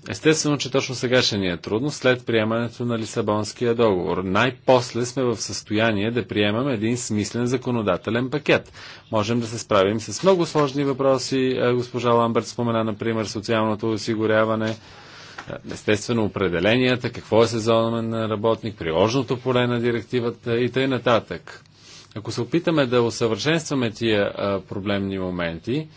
Естествено, че точно сега ще ни е трудно след приемането на Лисабонския договор. Най-после сме в състояние да приемем един смислен законодателен пакет. Можем да се справим с много сложни въпроси. Госпожа Ламберт спомена, например, социалното осигуряване, естествено определенията, какво е сезонен работник, приложното поле на директивата и т.н. Ако се опитаме да усъвършенстваме тия проблемни моменти,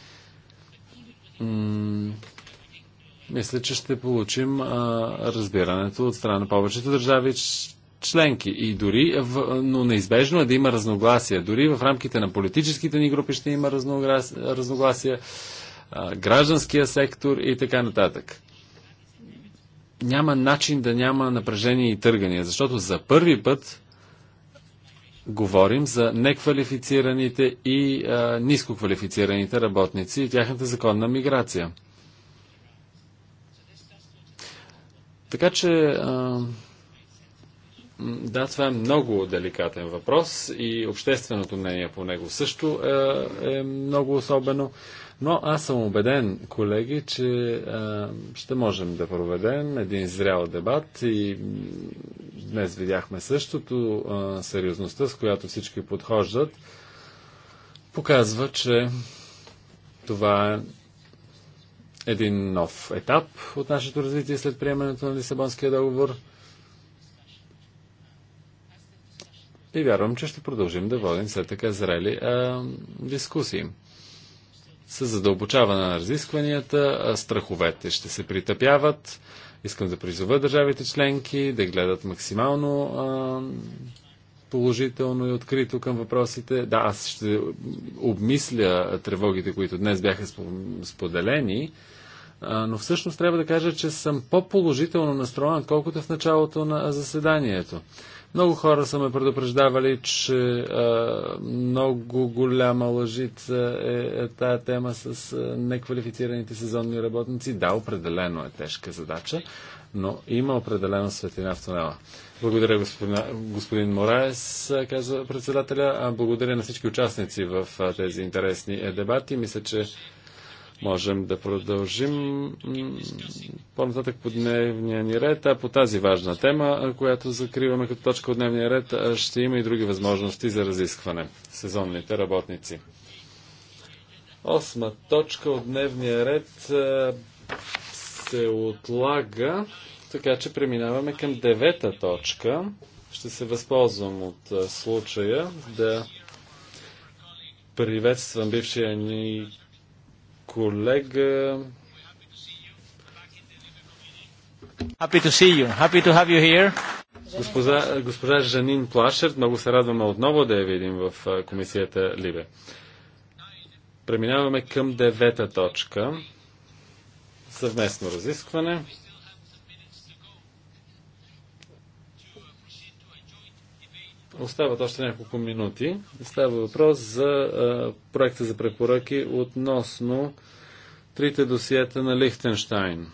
мисля, че ще получим а, разбирането от страна на повечето държави членки. И дори, в, но неизбежно е да има разногласия. Дори в рамките на политическите ни групи ще има разногласия, разногласия а, гражданския сектор и така нататък. Няма начин да няма напрежение и търгания, защото за първи път говорим за неквалифицираните и а, нискоквалифицираните работници и тяхната законна миграция. Така че, а, да, това е много деликатен въпрос и общественото мнение по него също е, е много особено. Но аз съм убеден, колеги, че а, ще можем да проведем един зрял дебат и днес видяхме същото. А, сериозността, с която всички подхождат, показва, че това е един нов етап от нашето развитие след приемането на Лисабонския договор. И вярвам, че ще продължим да водим след така зрели а, дискусии. С задълбочаване на разискванията, страховете ще се притъпяват. Искам да призова държавите членки да гледат максимално а, положително и открито към въпросите. Да, аз ще обмисля тревогите, които днес бяха споделени но всъщност трябва да кажа, че съм по-положително настроен, отколкото в началото на заседанието. Много хора са ме предупреждавали, че а, много голяма лъжица е, е тая тема с а, неквалифицираните сезонни работници. Да, определено е тежка задача, но има определено светлина в тунела. Благодаря, господин, господин Мораес, казва председателя. Благодаря на всички участници в а, тези интересни е, дебати. Мисля, че Можем да продължим по-нататък по дневния ни ред, а по тази важна тема, която закриваме като точка от дневния ред, ще има и други възможности за разискване. Сезонните работници. Осма точка от дневния ред се отлага, така че преминаваме към девета точка. Ще се възползвам от случая да приветствам бившия ни колега. Happy to see you. Happy to have you here. Госпожа, госпожа Жанин Плашер, много се радваме отново да я видим в комисията Либе. Преминаваме към девета точка. Съвместно разискване. Остават още няколко минути. Става въпрос за а, проекта за препоръки относно трите досиета на Лихтенштайн.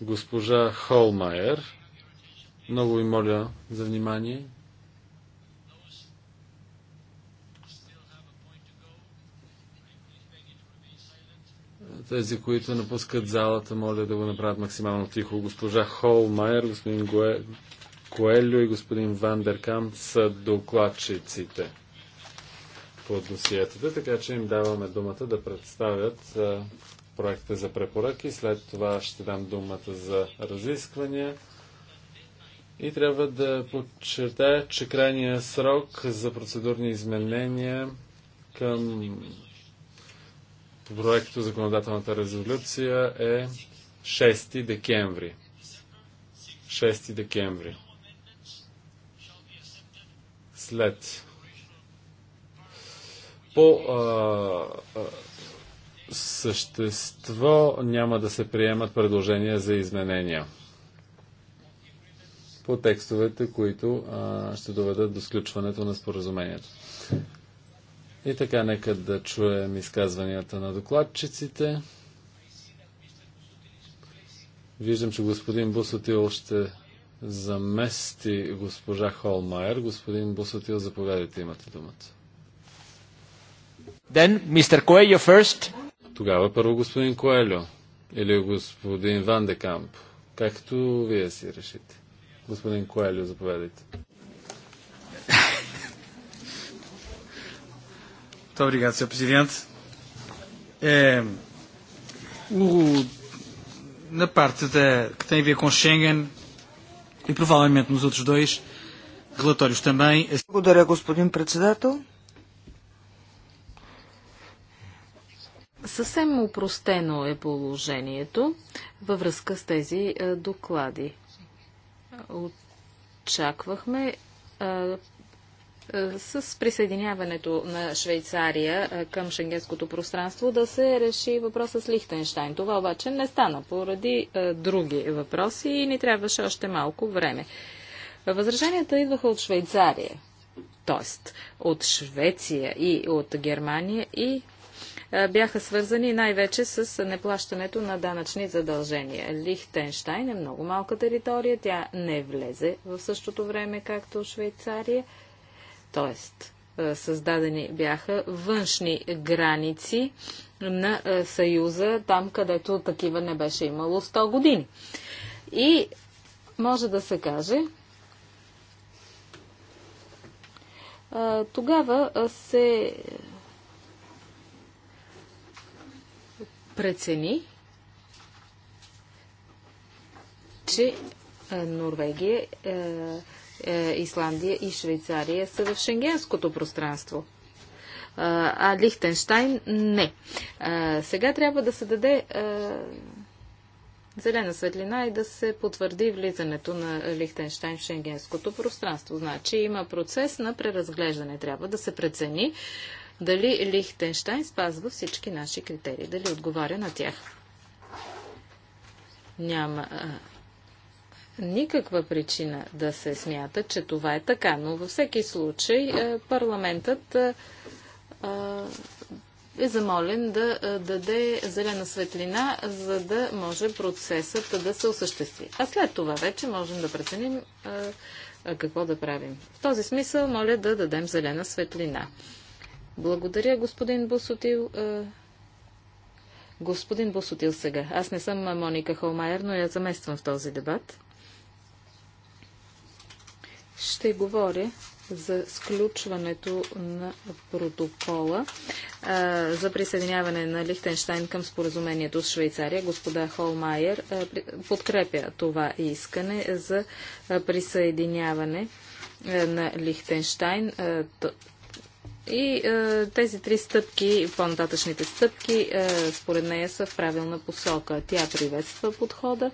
Госпожа Холмайер, много ви моля за внимание. Тези, които напускат залата, моля да го направят максимално тихо. Госпожа Холмайер, господин Гуе. Коелю и господин Вандеркам са докладчиците по досиетата, така че им даваме думата да представят проекта за препоръки. След това ще дам думата за разисквания. И трябва да подчертая, че крайния срок за процедурни изменения към проекто законодателната резолюция е 6 декември. 6 декември след. По а, а, същество няма да се приемат предложения за изменения по текстовете, които а, ще доведат до сключването на споразумението. И така, нека да чуем изказванията на докладчиците. Виждам, че господин Бусотил ще замести госпожа Холмайер. Господин Бусотил, заповядайте, имате думата. Then, Mr. Coelho first. Тогава първо господин Коелю или господин Ван де Камп. Както вие си решите. Господин Коелю, заповядайте. Muito obrigado, президент. Presidente. É, на na parte da, ви е кон Шенген, и e provavelmente nos outros dois relatórios também. Благодаря, господин председател. Съвсем упростено е положението във връзка с тези доклади. Очаквахме е, с присъединяването на Швейцария е, към шенгенското пространство да се реши въпроса с Лихтенштайн. Това обаче не стана поради е, други въпроси и ни трябваше още малко време. Възраженията идваха от Швейцария, т.е. от Швеция и от Германия и бяха свързани най-вече с неплащането на данъчни задължения. Лихтенштайн е много малка територия, тя не влезе в същото време, както Швейцария. Т.е. създадени бяха външни граници на Съюза, там където такива не беше имало 100 години. И може да се каже, тогава се прецени, че Норвегия е е, Исландия и Швейцария са в шенгенското пространство а Лихтенштайн не. А, сега трябва да се даде а, зелена светлина и да се потвърди влизането на Лихтенштайн в шенгенското пространство. Значи има процес на преразглеждане. Трябва да се прецени дали Лихтенштайн спазва всички наши критерии, дали отговаря на тях. Няма. А, никаква причина да се смята, че това е така, но във всеки случай е, парламентът е, е замолен да е, даде зелена светлина, за да може процесът да се осъществи. А след това вече можем да преценим какво да правим. В този смисъл, моля да дадем зелена светлина. Благодаря, господин Босотил. Господин Босотил сега. Аз не съм Моника Холмайер, но я замествам в този дебат ще говоря за сключването на протокола а, за присъединяване на Лихтенштайн към споразумението с Швейцария. Господа Холмайер а, подкрепя това искане за а, присъединяване на Лихтенштайн. И а, тези три стъпки, по-нататъчните стъпки, а, според нея са в правилна посока. Тя приветства подхода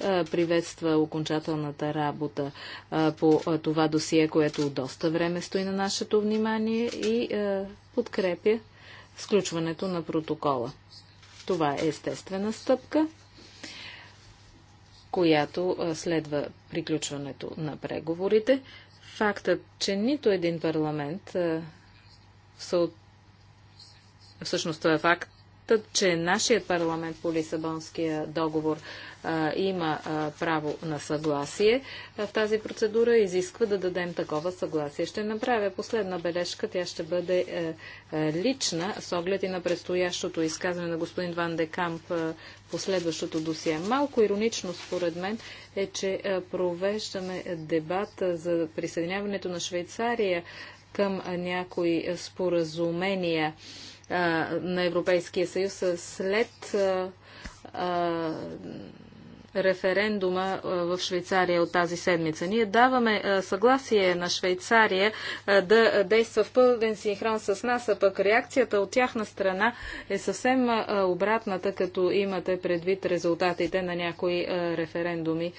е, приветства окончателната работа е, по е, това досие, което доста време стои на нашето внимание и подкрепя сключването на протокола. Това е естествена стъпка, която следва приключването на преговорите. Фактът, че нито един парламент всъщност това е факт, фактът, че нашият парламент по Лисабонския договор има право на съгласие в тази процедура, изисква да дадем такова съгласие. Ще направя последна бележка, тя ще бъде е, е, лична, с оглед и на предстоящото изказване на господин Ван Декамп е, по следващото досие. Малко иронично според мен е, че провеждаме дебат за присъединяването на Швейцария към някои споразумения на Европейския съюз след референдума в Швейцария от тази седмица. Ние даваме съгласие на Швейцария да действа в пълен синхрон с нас, а пък реакцията от тяхна страна е съвсем обратната, като имате предвид резултатите на някои референдуми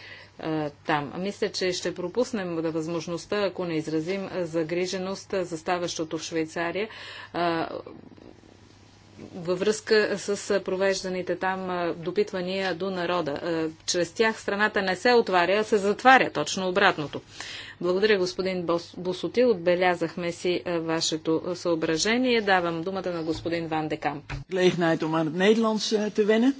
там. Мисля, че ще пропуснем възможността, ако не изразим загриженост за ставащото в Швейцария във връзка с провежданите там допитвания до народа. Чрез тях страната не се отваря, а се затваря, точно обратното. Благодаря, господин Босотил. Отбелязахме си вашето съображение. Давам думата на господин Ван Декамп. om aan het Nederlands te wennen.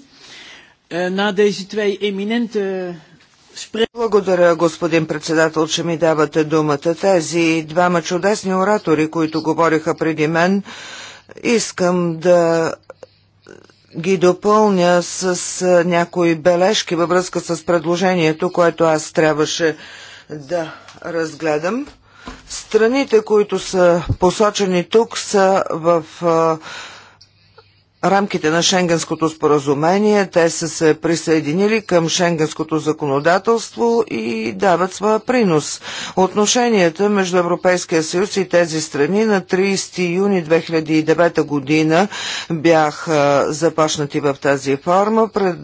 deze twee eminente eh, благодаря, господин председател, че ми давате думата. Тези двама чудесни оратори, които говориха преди мен, Искам да ги допълня с някои бележки във връзка с предложението, което аз трябваше да разгледам. Страните, които са посочени тук, са в рамките на Шенгенското споразумение. Те са се присъединили към Шенгенското законодателство и дават своя принос. Отношенията между Европейския съюз и тези страни на 30 юни 2009 година бяха започнати в тази форма. Пред,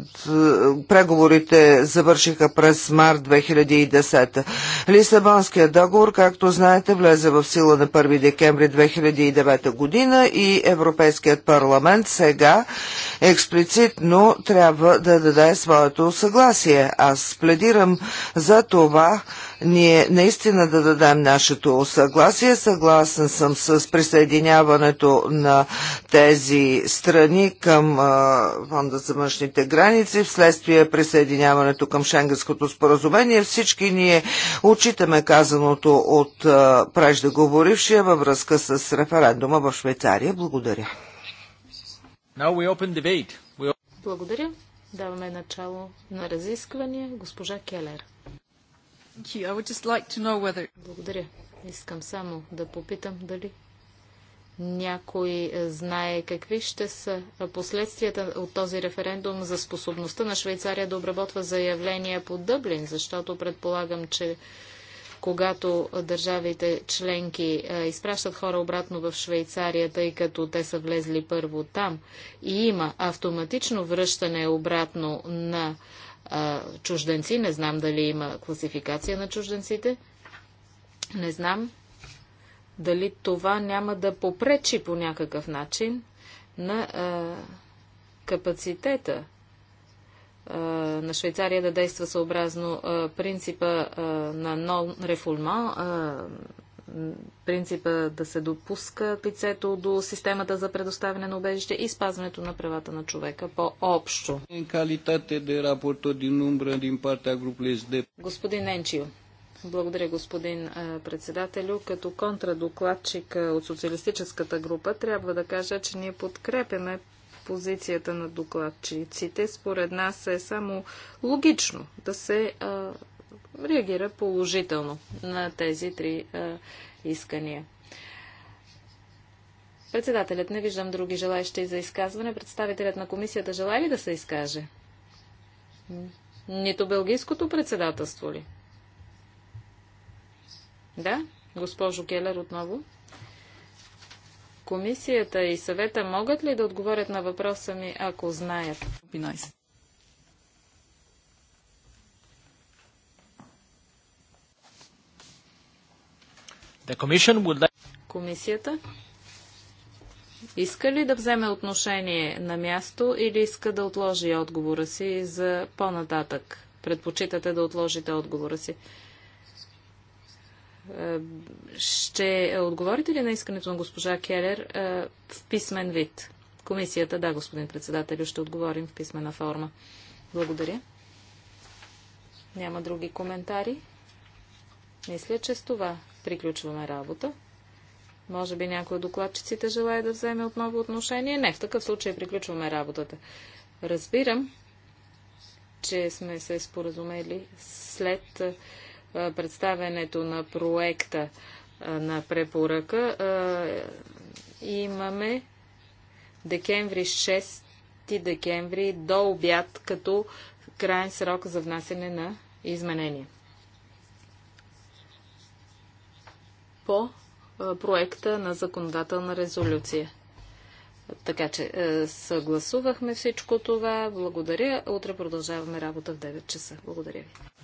преговорите завършиха през март 2010. Лисабонският договор, както знаете, влезе в сила на 1 декември 2009 година и Европейският парламент се сега експлицитно трябва да даде своето съгласие. Аз пледирам за това ние наистина да дадем нашето съгласие. Съгласен съм с присъединяването на тези страни към а, Фонда за външните граници, вследствие присъединяването към Шенгенското споразумение. Всички ние отчитаме казаното от а, преждеговорившия във връзка с референдума в Швейцария. Благодаря. We... Благодаря. Даваме начало на разисквания. Госпожа Келер. Like whether... Благодаря. Искам само да попитам дали някой е, знае какви ще са последствията от този референдум за способността на Швейцария да обработва заявления по Дъблин, защото предполагам, че когато държавите членки е, изпращат хора обратно в Швейцария, тъй като те са влезли първо там и има автоматично връщане обратно на а, е, чужденци. Не знам дали има класификация на чужденците. Не знам дали това няма да попречи по някакъв начин на а, е, капацитета на Швейцария да действа съобразно принципа на non-refoulement, принципа да се допуска лицето до системата за предоставяне на убежище и спазването на правата на човека по-общо. Господин Енчио, благодаря, господин председателю. Като контрадокладчик от социалистическата група трябва да кажа, че ние подкрепяме позицията на докладчиците, според нас е само логично да се а, реагира положително на тези три а, искания. Председателят, не виждам други желаящи за изказване. Представителят на комисията желая ли да се изкаже? Нито белгийското председателство ли? Да, госпожо Келер отново комисията и съвета могат ли да отговорят на въпроса ми, ако знаят? Комисията иска ли да вземе отношение на място или иска да отложи отговора си за по-нататък? Предпочитате да отложите отговора си. Ще отговорите ли на искането на госпожа Келер е, в писмен вид? Комисията, да, господин председател, ще отговорим в писмена форма. Благодаря. Няма други коментари. Мисля, че с това приключваме работа. Може би някой от докладчиците желая да вземе отново отношение. Не, в такъв случай приключваме работата. Разбирам, че сме се споразумели след Представянето на проекта на препоръка имаме декември 6 декември до обяд като крайен срок за внасене на изменения. По проекта на законодателна резолюция. Така че съгласувахме всичко това. Благодаря. Утре продължаваме работа в 9 часа. Благодаря ви.